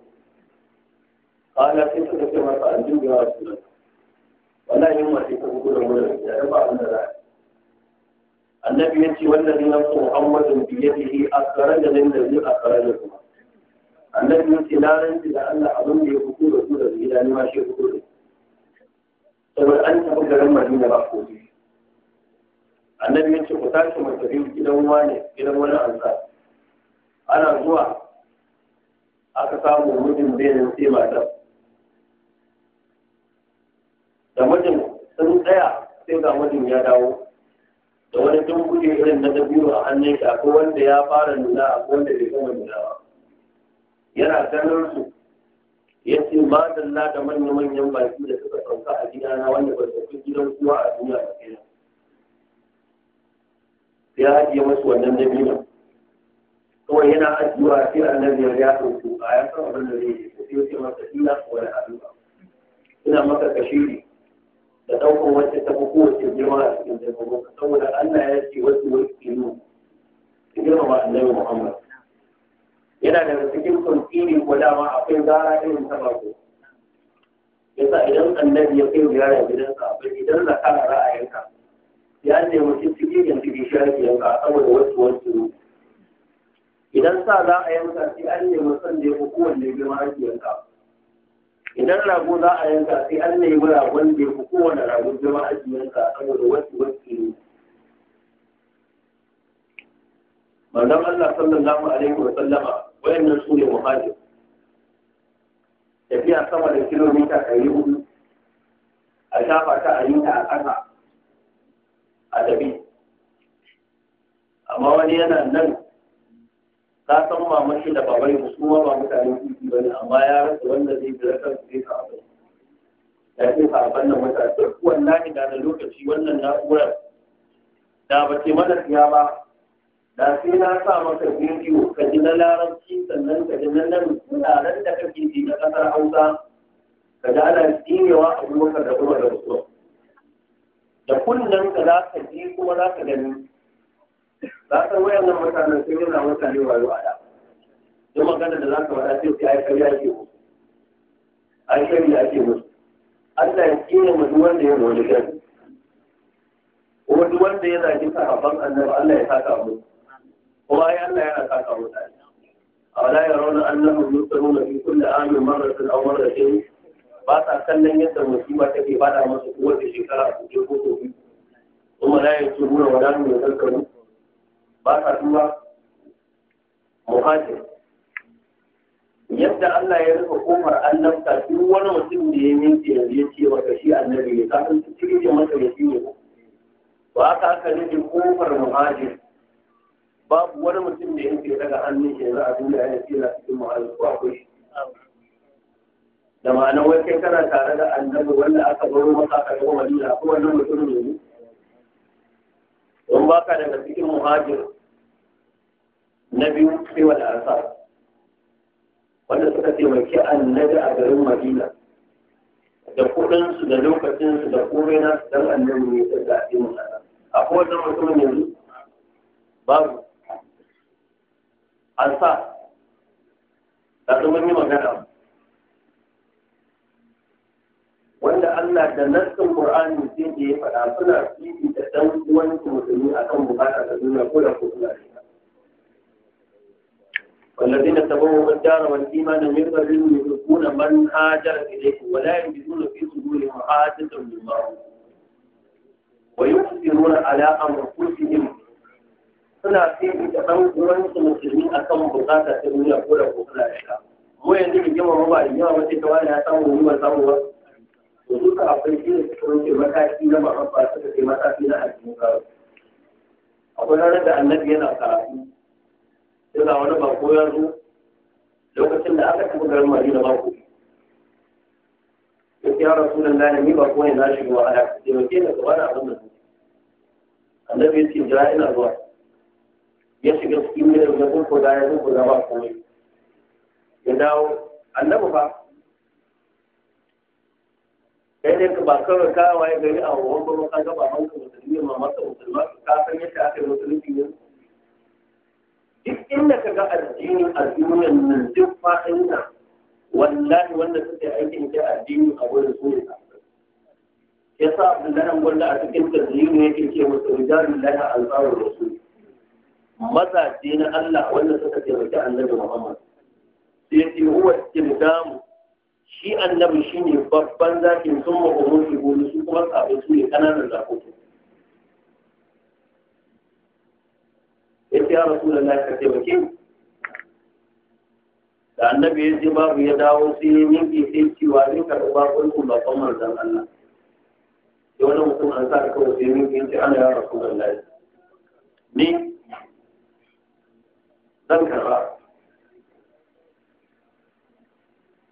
kawai sai suka ce masa an jirgin wa su wallahi yin masu ta fito da wani da ya ba abin da za a annabi ya ce wannan ne na so muhammadin biyadihi a tsara da nan da zai a tsara da kuma annabi ya ce laranci da Allah abin da ya fito da su da gida ne ma shi fito da saboda an tafi garin Madina ba ko ne annabi ya ce ku tashi mai tafi gidan wani gidan wani ansa ana zuwa aka samu mutum bayanin sai mata da mutum sun tsaya sai ga mutum ya dawo da wani tun kuɗi irin na dabiru a hannun shi akwai wanda ya fara nuna akwai wanda bai gama nuna ba yana ganin su ya ce ma da manya-manyan baki da suka sauka a gidana wanda ba su fi gidan kuwa a duniya da kenan ya ajiye masu wannan dabino kawai yana ajiyewa sai annabi biyar ya ɗauko a ya san abin da zai yi sai ya ce masa ina wani addu'a ina maka ne da ɗaukar wacce ta fi kowace girma a cikin dabbobi saboda Allah ya ce wasu wasu kilo girma ba annabi Muhammad yana da cikin kuntiri ko dama akwai gara irin ta mako yasa idan annabi ya kai ziyara gidansa kai idan zakara ra'ayinka ya nemi cikin yanzu bishiyar yanka saboda wasu wasu idan sa za a yanka sai an nemi son da ya fi kowanne girma ake yanka idan rago za a yanka sai an nemi ragon da ya fi kowanne ragon girma ake yanka saboda wasu wasu manzon Allah sallallahu alaihi wa sallama wayannan su ne muhajir tafiya sama da kilomita ɗari hudu a shafa ta a yi ta a ƙasa a tafi amma wani yana nan ka san maman shi da babar su ma ba mutane kiki bane amma ya rasa wanda zai jira kan su zai ka abu ya ce ka abin nan mutane duk wallahi da na lokaci wannan na'urar da ba ce mana siya ba da sai na sa maka bidiyo ka ji na larabci sannan ka ji na nan wuraren da kake ji na ƙasar hausa ka ji ana tsinewa a maka da kuma da wasu da kullum ka za ka ji kuma za ka gani za ka wayan nan mutanen sun yana mutane wayo a da duk magana da za ka faɗa sai sai ai ya ke musu Aikari kariya ake musu Allah ya tsine mu duk wanda ya mu wani gani ko duk wanda yana jin sahabban annabi Allah ya saka musu kuma ai Allah yana saka mutane a ya rauna أولا يرون أنهم يبتلون في كل عام مرة أو مرتين ba sa kallon yadda musiba take ba da masu kowace shekara su je ko gobe kuma la yake mura wa dan mai karkaru ba sa duba muhajir yadda Allah ya rufe kofar annabta duk wani mutum da ya minke da ya ce maka shi annabi ne kafin su cire masa ya ne ba haka aka rufe kofar muhajir babu wani mutum da yake daga hannun shi yanzu a duniya ya ce na cikin muhalli ko akwai shi da ma'ana wai kai kana tare da annabi wanda aka baro maka a yi madina ko wannan mutum ne don ba ka daga cikin muhajir na biyu sai wal ansar wanda suka taimaki annabi a garin madina da kuɗinsu da lokacinsu da komai su dan annabi ne da zaɓi mu a kowane mutum yanzu babu ألفا لكن مني مجرد وإن أننا جنست القرآن من سيدي فلا فلا فيه تتم وانتم مسلمين أكم مبارك الذين كل كفلا والذين تبعوا من دار والإيمان من قبل يدركون من هاجر إليكم ولا يجدون في صدورهم حاجة مما ويؤثرون على أنفسهم suna sai da ɗan su musulmi a kan bukata ta duniya ko da kuma da ita mu yanzu da gima ba da yawa wace ta wani ya samu ni ban samu ba to duka akwai shi da suka wuce mataki na ma'amfa suka kai mataki na addinin ba. akwai ranar da annabi yana karatu yana wani ba ya zo lokacin da aka tafi garin madina ba ku yake yara sunan da lana ni ba ne na shigo a Yau ke da gaba da abin da annabi ya ce jira ina zuwa ya shiga cikin gidan ya gurguza ya gurguza ba komai ya dawo annabi fa kai ne ba kawai ka waye gari a wawan gwamnati ka gaba hanka musulmi ma masa musulma ka san yadda aka yi musulunci ne duk inda ka ga addinin a duniyan nan duk fa'in nan wallahi wanda suke aikin ta addini a wurin su ne ya sa abdullahi gwanda a cikin tasiri yake ce musu rijalun lahi alfarar rasul mazaje na Allah wanda suka taimaki annabi Muhammad sai ya ce huwa istimdamu shi annabi shine babban zakin sun ma umur shi su kuma sabai su ne kananan zakoki ya fi ce ya rasulullahi ka taimake da annabi ya ce babu ya dawo sai ya yanke sai cewa zai karɓi bakon ku bakon manzon Allah sai wani mutum an sa kawai sai yanke sai ana yara ya rasulullahi ni zan karba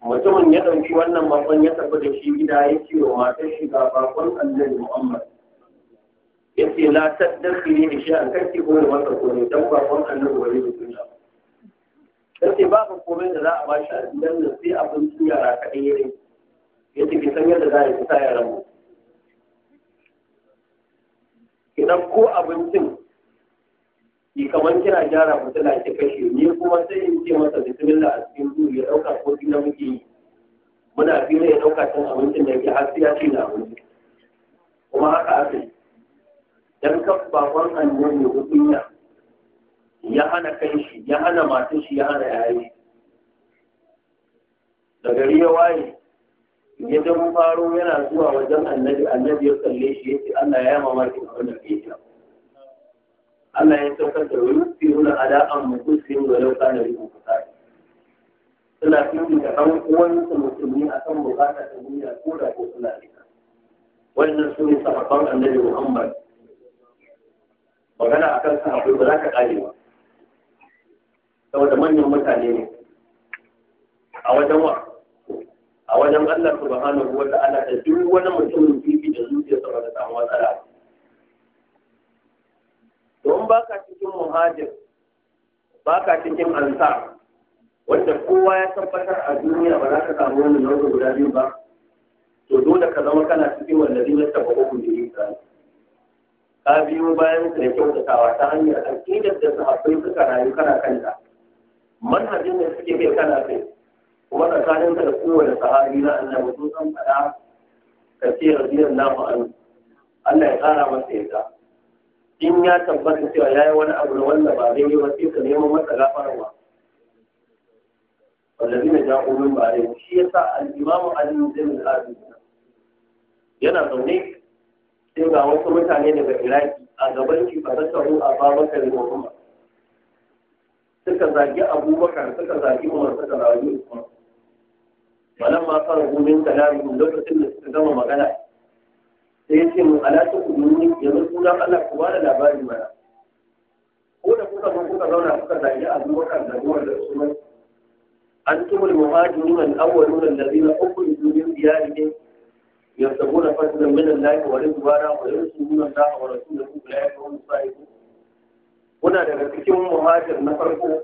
mutumin ya ɗauki wannan mafan ya tafi da shi gida ya ce wa matar shiga bakon annabi muhammad ya ce la taddakhili bi sha'an a ko da masa ko ne don bakon annabi wani mutum ya ce ba ka komai da za a ba shi a gidan da sai abincin yara kaɗai ya yi ya ce ki san yadda za a yi fita yaran mu ki ɗauko abincin yi kamar kira gyara fitila ke kashe ne kuma sai in ce masa bismillah a cikin duhu ya dauka ko na muke yi muna fi ya dauka can abincin da ke har sai ya ce da abinci kuma haka aka yi dan kan baban annabi hukunya ya hana kan shi ya hana matan shi ya hana yayi da gari ya waye ya dan faro yana zuwa wajen annabi annabi ya kalle shi yace Allah ya mamaki abin da ke Allah ya saukar da wani firuna ala'an mutum wa lauka da rikon fasari. Suna fifi da ɗan uwansa musulmi a kan bukatar ta duniya ko da ko suna rika. Wannan su ne sahabban annabi Muhammad. Magana a kan sahabbai ba za ka ƙare ba. Saboda manyan mutane ne. A wajen wa? A wajen Allah subhanahu wa ta'ala da duk wani mutumin fifi da zuciyarsa ba ta samu matsala ba. idan baka cikin muhajir baka cikin ansa, wanda kowa ya tabbatar a duniya ba za ka samu wani nau'in guda biyu ba to dole ka zama kana cikin zai yi taba hukun da yi ka biyo bayan su da kyautatawa ta hanyar aƙidar da sahabbai suka rayu kana kanta manhajin da suke kai kana kai kuma tsakanin ka da kowane sahabi na annabi sun san fada ka ce radiyallahu anhu Allah ya tsara masa yadda in ya tabbata cewa ya yi wani abu na wanda ba zai yi wasu ka neman masa gafarwa wallazi na ja ulun ba dai shi yasa al-imamu Ali bin Abi yana zaune sai ga wasu mutane daga Iraki a gaban shi ba ta tsaro a Babakar Muhammad suka zagi Abubakar suka zagi Umar suka zagi Usman walamma farahu gudun kalamihim lokacin da suka gama magana sai ya ce mu ku nuni yanzu ku Allah ku da labari mana ko da kuka zo kuka zauna kuka zagi a zuwa kan da ruwan da sunan an tumul muhajirun al-awwalun alladhina ukhriju min فضلا من الله ورضوانا ويرسلون الله ورسوله اولئك هم الصالحون kuna daga cikin muhajir na farko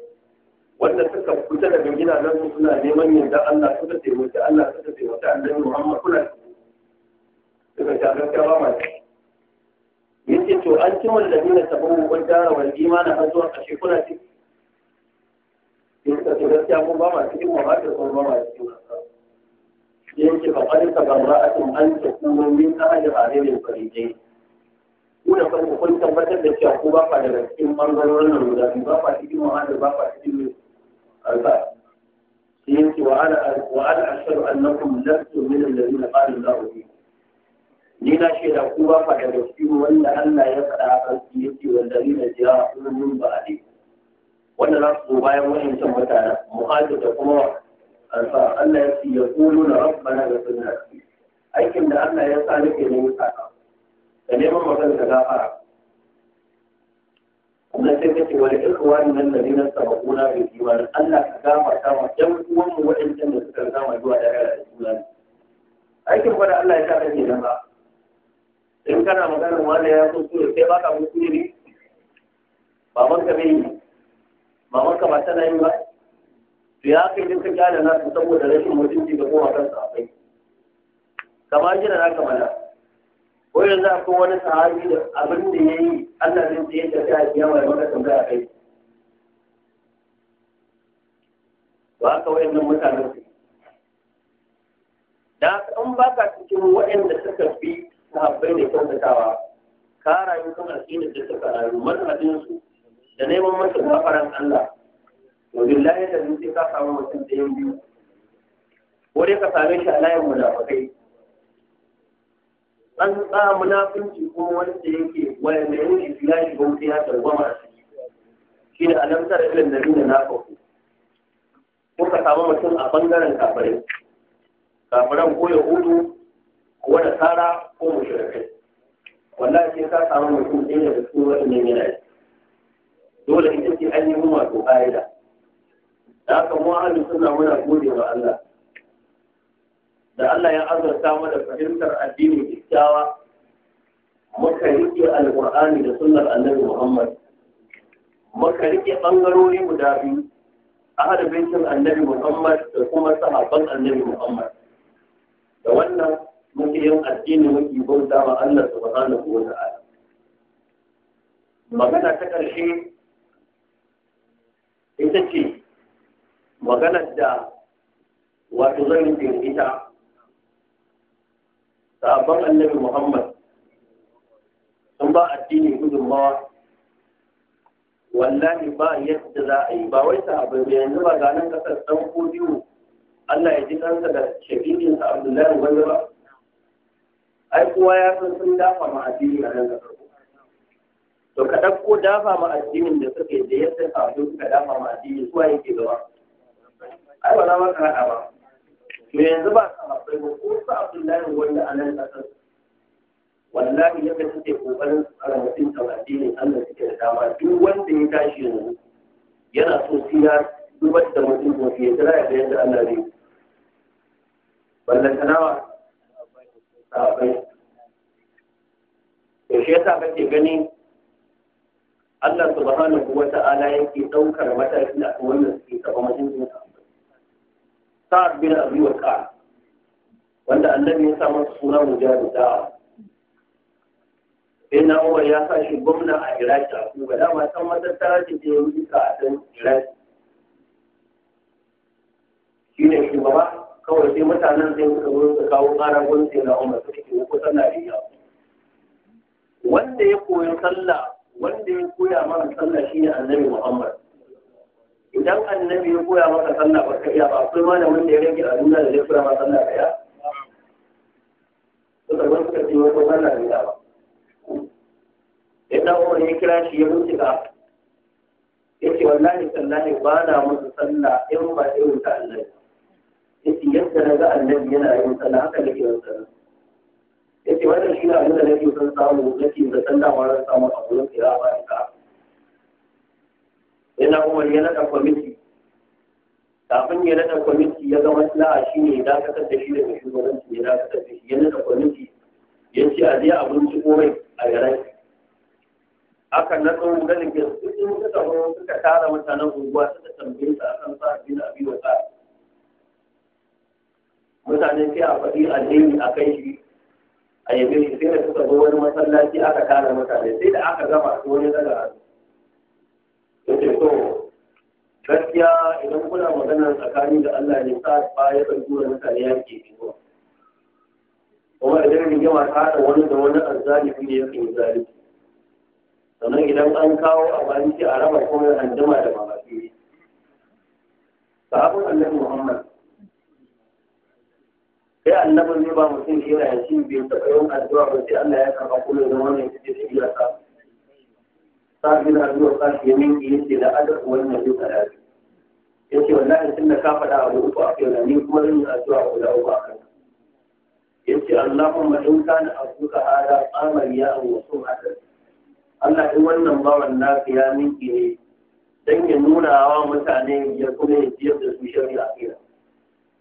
wanda suka fita daga gidajen su suna neman yadda Allah suka taimaki Allah Muhammad kuna suka sha gaskiya ba mai yace to an ci wallahi na tabu wal dara wal imana har zuwa kashe kuna ci yace to gaskiya mun ba ma cikin ba ma da kuma ba ma cikin yace fa qad tabarra'atum an takunu min a hadhihi al farijain kuna farko kun tabbatar da cewa ku ba fa daga cikin bangarorin nan guda biyu ba fa cikin muhadir ba fa cikin alba yace wa ana wa ana ashhadu annakum lastum min alladhina qala Allahu fikum ni na shaida ku ba fa da cikin wanda Allah ya faɗa a kan su yake wanda ni da jiya kuma mun ba a dai wanda za su zo bayan wa'ancan mutanen muhajir da kuma ansa Allah ya ce ya kulu na rabbana da sunna aikin da Allah ya sa nake ne saka da neman magana da gafara kuma sai kace wani ikhwani nan da dinan sabakuna bi imani Allah ka gafarta ma ɗan uwan mu wa'ancan da suka zama zuwa da rayuwar imani aikin gwada Allah ya sa nake nan ba in kana maganin wani ya so kuskure sai baka kuskure ne baban ka bai yi. baban ka ba tana yi ba to ya kai duk ka kyale na saboda rashin mutunci ga kuma kansa akwai kamar jira na kamala ko yanzu akwai wani sahabi da abin da ya yi Allah zai tsaye da ta biya wa maka tambaya kai ba ka nan mutanen su da in baka cikin waɗanda suka fi sahabbai da kyautatawa ka rayu kan addinin da suka rayu manhajin su da neman masu gafaran Allah to billahi da zuci ka samu mutum da yin biyu ko dai ka same shi a layin munafikai an tsa munafinci ko wanda yake wanda yake filashi bauta ya tarwama a ciki shi ne alamtar ilin da nuna na faku ko ka samu mutum a bangaren kafirai kafiran ko yahudu ko da tsara ko mushrikai wallahi sai ka samu mutum ɗaya daga cikin waɗannan yanayi dole ita ce an yi mu wato ƙa'ida da aka mu ahlus suna muna gode wa Allah da Allah ya azurta mu da fahimtar addini kyakkyawa muka rike Alƙur'ani da sunnar annabi Muhammad muka rike ɓangarori guda biyu ahad baitin annabi Muhammad da kuma sahabban annabi Muhammad da wannan muke yin addini muke bauta wa Allah subhanahu wa ta'ala magana ta ƙarshe ita ce maganar da wato zan yi ita sabon annabi Muhammad sun ba addini gudunmawa wallahi ba yadda za a yi ba wai sahabai ba yanzu ba ganin kasar ɗan ko biyu Allah ya ji kansa da shafiƙinsa Abdullahi wanda ba ai kowa ya san sun dafa ma addini a nan da farko to ka ɗauko dafa ma addinin da suke da ya sai faɗo suka dafa ma addini kowa yake gaba ai ba ma ka haɗa ba to yanzu ba ka haɗa ba ko sa abdullahi wanda a nan ƙasar wallahi yadda suke ƙoƙarin tsara mutum ta addinin Allah suke da dama duk wanda ya tashi yanzu yana so siya ya zubar da mutum ko fiye da ya yadda Allah zai ballantanawa sahabbai yaushe yasa kake gani Allah subhanahu wa ta'ala yake daukar mataki a wannan suke taba mutuncin sahabbai sa'ad bin abi ka wanda annabi ya sa masa suna da da'a sai na Umar ya sa shi gwamna a Iraki a Kuba dama san matattara ce ce ya duka a can Iraki shi ne shugaba kawai sai mutanen sai suka wurin su kawo ƙara gurin sai na umar su ke ko sallah riya wanda ya koyi sallah wanda ya koya mana sallah ne annabi muhammad idan annabi ya koya maka sallah ba ka iya ba akwai ma da ya rage a duniya da zai kura ma sallah ka iya suka zo suka ce wata sallah ba idan umar ya kira shi ya ka. ya ce wallahi sallahi ba na musu sallah in ba irin ta annabi yace yadda na ga annabi yana yin sallah haka nake yin sallah yace wannan shi ne abin da nake son samu nake da sallah ma ran samu a gurin kira ba ka yana kuma yana da kwamiti kafin ya nada kwamiti ya ga maslaha shi ne ya dakatar da shi daga shugabanci ya dakatar da shi ya nada kwamiti ya ce a je a binciko mai a garin aka na tsohon ganin gaskiya sun suka tara mutanen unguwa suka tambaye su akan sa bin abin da tsari mutane sai a faɗi addini a kai shi a yi shi sai da suka zo wani masallaci aka tara mutane sai da aka gama su wani daga yace so gaskiya idan kuna magana tsakani da Allah ne sa ba ya san tura mutane ya ke biyo kuma idan yawa ta da wani da wani azzalimi ne ya kan zalimi sannan idan an kawo abinci a raba kuma jama da mamaki sahabin annabi Muhammad sai annabin zai ba mutum shi yana shi bai taɓa yawan addu'a ba sai Allah ya karɓa kuma da wannan kuke shi ya sa sa bi na addu'a sa shi yamin ki yace da adab wannan duka da shi yace wallahi tunda ka faɗa abu uku a kai ni kuma zan yi addu'a guda uku a kai yace Allahumma in kana abuka hada qamar ya wa sumata Allah in wannan bawan na ya minki ne dan ya nuna wa mutane ya kuma ya jiyar da su shari'a a kai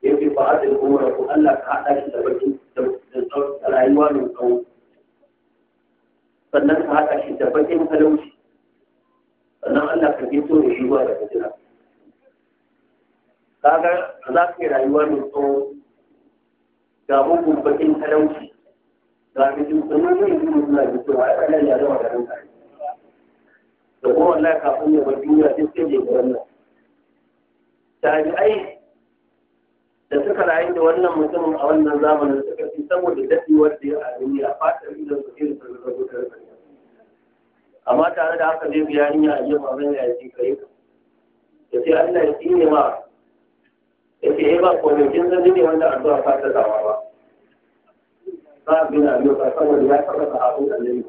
ya ce ba a da umar ko Allah ka haɗa shi da bakin da rayuwa mai tsawo sannan ka haɗa shi da bakin talauci sannan Allah ka gito da shi ba da fitina kaga za ka yi rayuwa mai tsawo ga hukun bakin talauci ga fitin sannan zai yi mutum na gito a ƙanan ya zama da ranka da kuma Allah kafin ya bar duniya sai sai ya yi wannan tabi'ai da suka rayu da wannan mutumin a wannan zamanin suka fi saboda daɗewar da ya a duniya fatar da su irin sun zama amma tare da haka zai biya ni a yi abin zan yi aiki kai ya ce Allah ya tsine ma ya ce eh, ba kwanakin zan ne wanda addu'a ba ta dawa ba ba bin abin ba saboda ya taɓa sahabin ne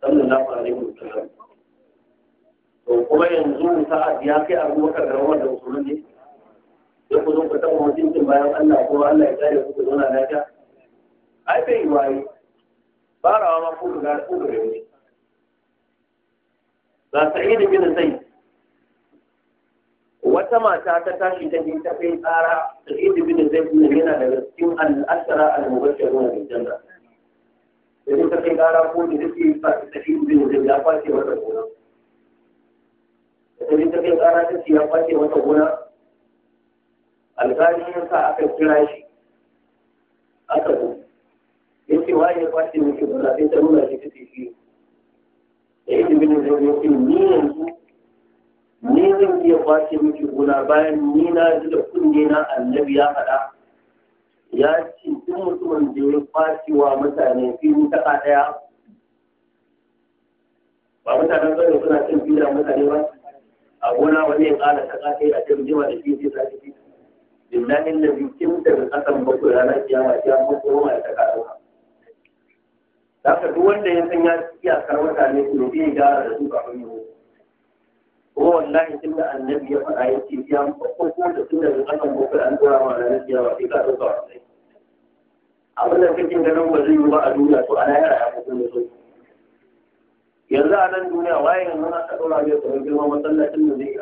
sallallahu alaihi wasallam to kuma yanzu sa'ad ya kai abubakar da wannan musulmi ne sai ku zo ku taɓa mutuncin bayan Allah ko Allah ya kare ku ku zauna lafiya ai bai yi waye farawa ma ku ga ku ga ne ga sa'id bin zaid wata mata ta tashi ta je ta kai tsara sa'id bin zaid ne yana da cikin al-ashara al-mubashshirun bil janna idan ta kai tsara ko ne da shi sa'id bin zaid ya kwace wata gona idan ta kai tsara ta ce ya kwace wata gona alƙali ya sa aka kira shi aka zo ya ce waye ya kwashe miki ba sai ta nuna shi ta tafi ya yi dubin da ya ce ni yanzu ni zan iya kwashe miki gona bayan ni na ji da kunne na annabi ya faɗa ya ce duk mutumin da ya kwashe wa mutane fili ta ɗaya ba mutanen zai suna cin fili da mutane ba a gona wani ya ƙara ta ƙasa a cikin jima da fili ta tafi lillahi da biyu kin daga kasan bakwai ranar kiyama kiyama ko ma ta karuwa haka duk wanda ya san ya iyakar mutane su ne zai gara da su kafin yau kuma wallahi tun da annabi ya faɗa ya ce ya ko da tun daga kasan bakwai an tura ma ranar kiyama sai ka ɗauka wasai abin da kake ganin ba zai yi ba a duniya to ana yara ya fito da su yanzu a nan duniya waye yanzu na ka ɗora mai tsoron girma masallacin da zai yi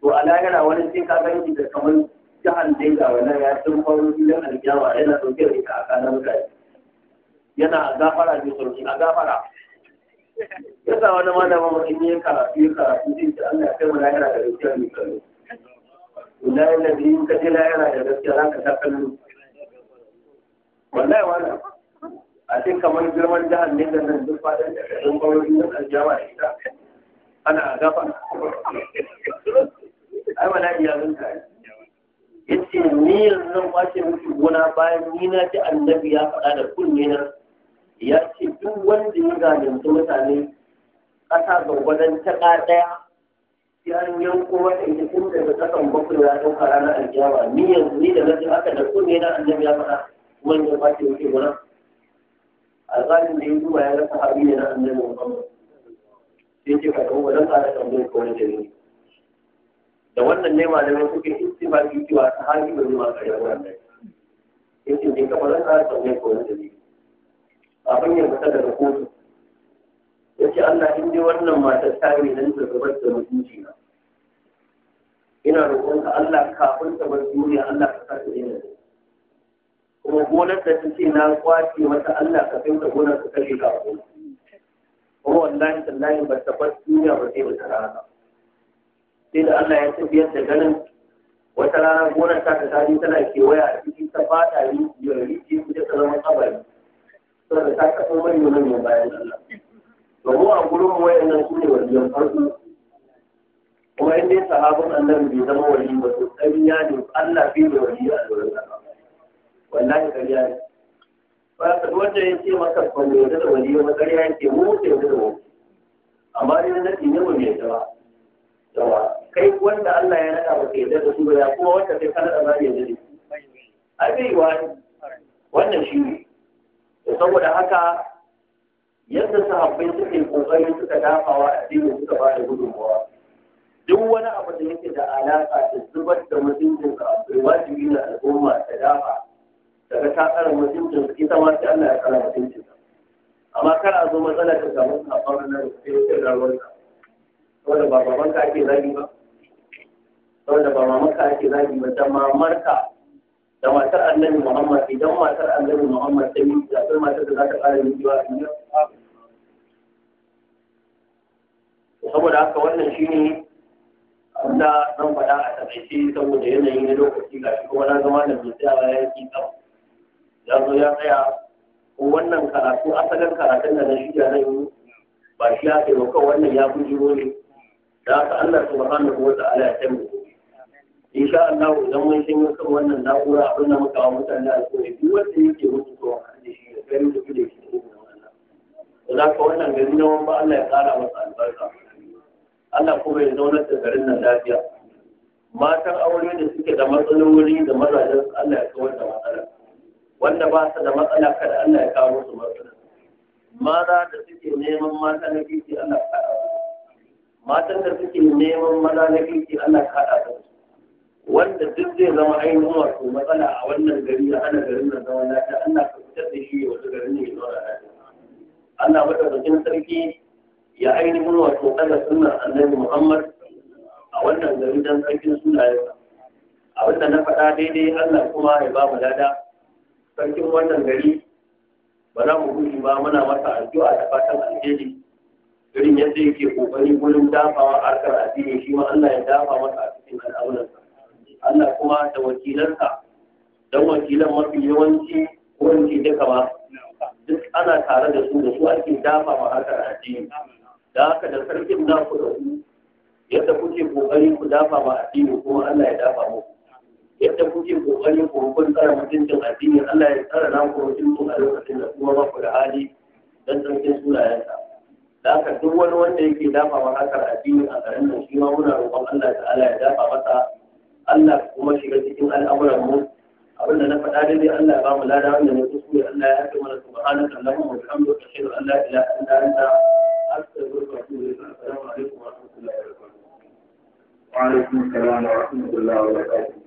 to a lahira wani sai ka gani da kamar jihar Deja wannan ya sun faru gidan alkiyama yana ɗauke da ita a kanan mutane. Yana a gafara mai sauki a gafara. Ya sa wani malama in yi karatu ya karatu zai ce Allah ya kai mu yana da gaskiya mai kallo. Ina yin da biyu ka je lahira da gaskiya za ka sha kallo. Wallahi wannan a ce kamar girman jihar Deja nan duk faɗin da sun faru gidan alkiyama da ita. Ana a gafara. Ai wala iya zunta ne. yace ni nan wace kwace gona bayan ni na ji annabi ya faɗa da kunne na ya ce duk wanda ya zalunci mutane ƙasa gwargwadon taƙa ɗaya ya yanko wata ita tun daga ƙasan bakwai ya ɗauka ranar alkiyama ni yanzu ni da na haka da kunne na annabi ya faɗa kuma ba ce miki gona a tsarin da ya zuwa ya rasa abin ne na annabi muhammad sai ce ka don wajen ƙara tambayar kawai da ni da wannan ne malamai suke istifaki cewa ta hali ba zuwa karyar wannan yake ne kamar an tsara sauye ko wani dalili abin ya fita daga kotu ya ce Allah in dai wannan matar ta yi nan ta zubar da mutunci na ina roƙon ka Allah kafin ta bar duniya Allah ka sa ta daina kuma gonar da ta ce na kwace mata Allah ka kai ta gonar ka kashe ka a kuma wallahi tallahi ba ta bar duniya ba sai ba ta rana sai da Allah ya tafi da ganin wata rana gonar ta ta tari tana kewaya a cikin ta fata rijiyar rijiyar da ta zama kabari saboda ta kafa manyan mai bayan Allah domin a gurin waya nan su ne waliyan farko kuma inda sahabin annabi bai zama wali ba to ya ne Allah bai da wali a gurin wallahi ƙarya ne ba ka wanda ya ce maka ban da da wali ba ƙarya yake mu yarda da wali amma dai na ne mu yarda ba yawa kai wanda Allah ya naɗa ba sai da su ba kuma wanda sai kana da ba ya dare abi wani wannan shi ne saboda haka yadda sahabbai suke kokari suka dafawa a cikin suka ba da gudunmawa duk wani abu da yake da alaka da zubar da mutuncin ka bai wajibi na al'umma ta dafa daga ta tsara mutuncin su ita ma sai Allah ya tsara mutuncin amma kar a zo matsala ta samu sabon nan da ya ce rawar ka wanda ba baban ka ake zagi ba wanda ba mamaka ake zagi ba ta mamarka da matar annabi Muhammad idan matar annabi Muhammad ta yi da kuma matar da za ta ƙara yin jiwa a Saboda haka wannan shi ne wanda zan faɗa a taƙaice saboda yanayi na lokaci ga shi kuma na zama da mai tsayawa ya yi tsam. Ya zo ya tsaya ko wannan karatu asalin karatun da na shirya na yi ba shi ya taimaka wannan ya fi jiro ne. Da haka Allah subhanahu wa ta'ala ya taimaka. sha Allah idan mun shingo kan wannan na'ura abin da muka wa mutane a cikin duk wanda yake mutu to da shi da gari da kuɗe shi da wannan za ka wannan gari na wani Allah ya ƙara masa albarka Allah kuma ya zauna da garin nan lafiya matan aure da suke da matsaloli da mazajen Allah ya kawar da matsalar wanda ba su da matsala kada Allah ya kawo musu matsala maza da suke neman mata na kirki Allah ya kaɗa matan da suke neman na Allah ya su wanda duk zai zama ainihin wato matsala a wannan gari ya hana garin nan zama lafiya an ka fitar da shi wata garin ne ya ta. lafiya Allah bakin sarki ya ainihin wato kada sunan annabi Muhammad a wannan gari dan sarkin sunayensa abin da na faɗa daidai Allah kuma ya ba mu dada, sarkin wannan gari ba za mu gudu ba muna masa addu'a da fatan alheri irin yadda yake kokari gurin dafawa harkar addini shi ma Allah ya dafa masa a cikin al'amuransa Allah kuma da wakilarka don wakilan mafi yawanci kowace duka ba duk ana tare da su da su ake dafa ma harkar addini da haka da sarkin naku da ku yadda kuke kokari ku dafa ma addini kuma Allah ya dafa mu yadda kuke kokari ku kun tsara mutuncin addini Allah ya tsara naku mutuncin a lokacin da kuma ba ku da hali don sarkin sunayensa da haka duk wani wanda yake dafa ma harkar addini a garin nan shi ma muna roƙon Allah ta'ala ya dafa masa Allah kuma shiga cikin al'amuran mu abin da na faɗa daidai Allah ya ba mu lada wanda ne kuskure Allah ya haɗe mana subhanaka Allahumma wa bihamdika Allah ya la ilaha illa anta astaghfiruka wa atubu ilayk assalamu alaikum wa rahmatullahi wa barakatuh wa alaikum assalam wa rahmatullahi wa barakatuh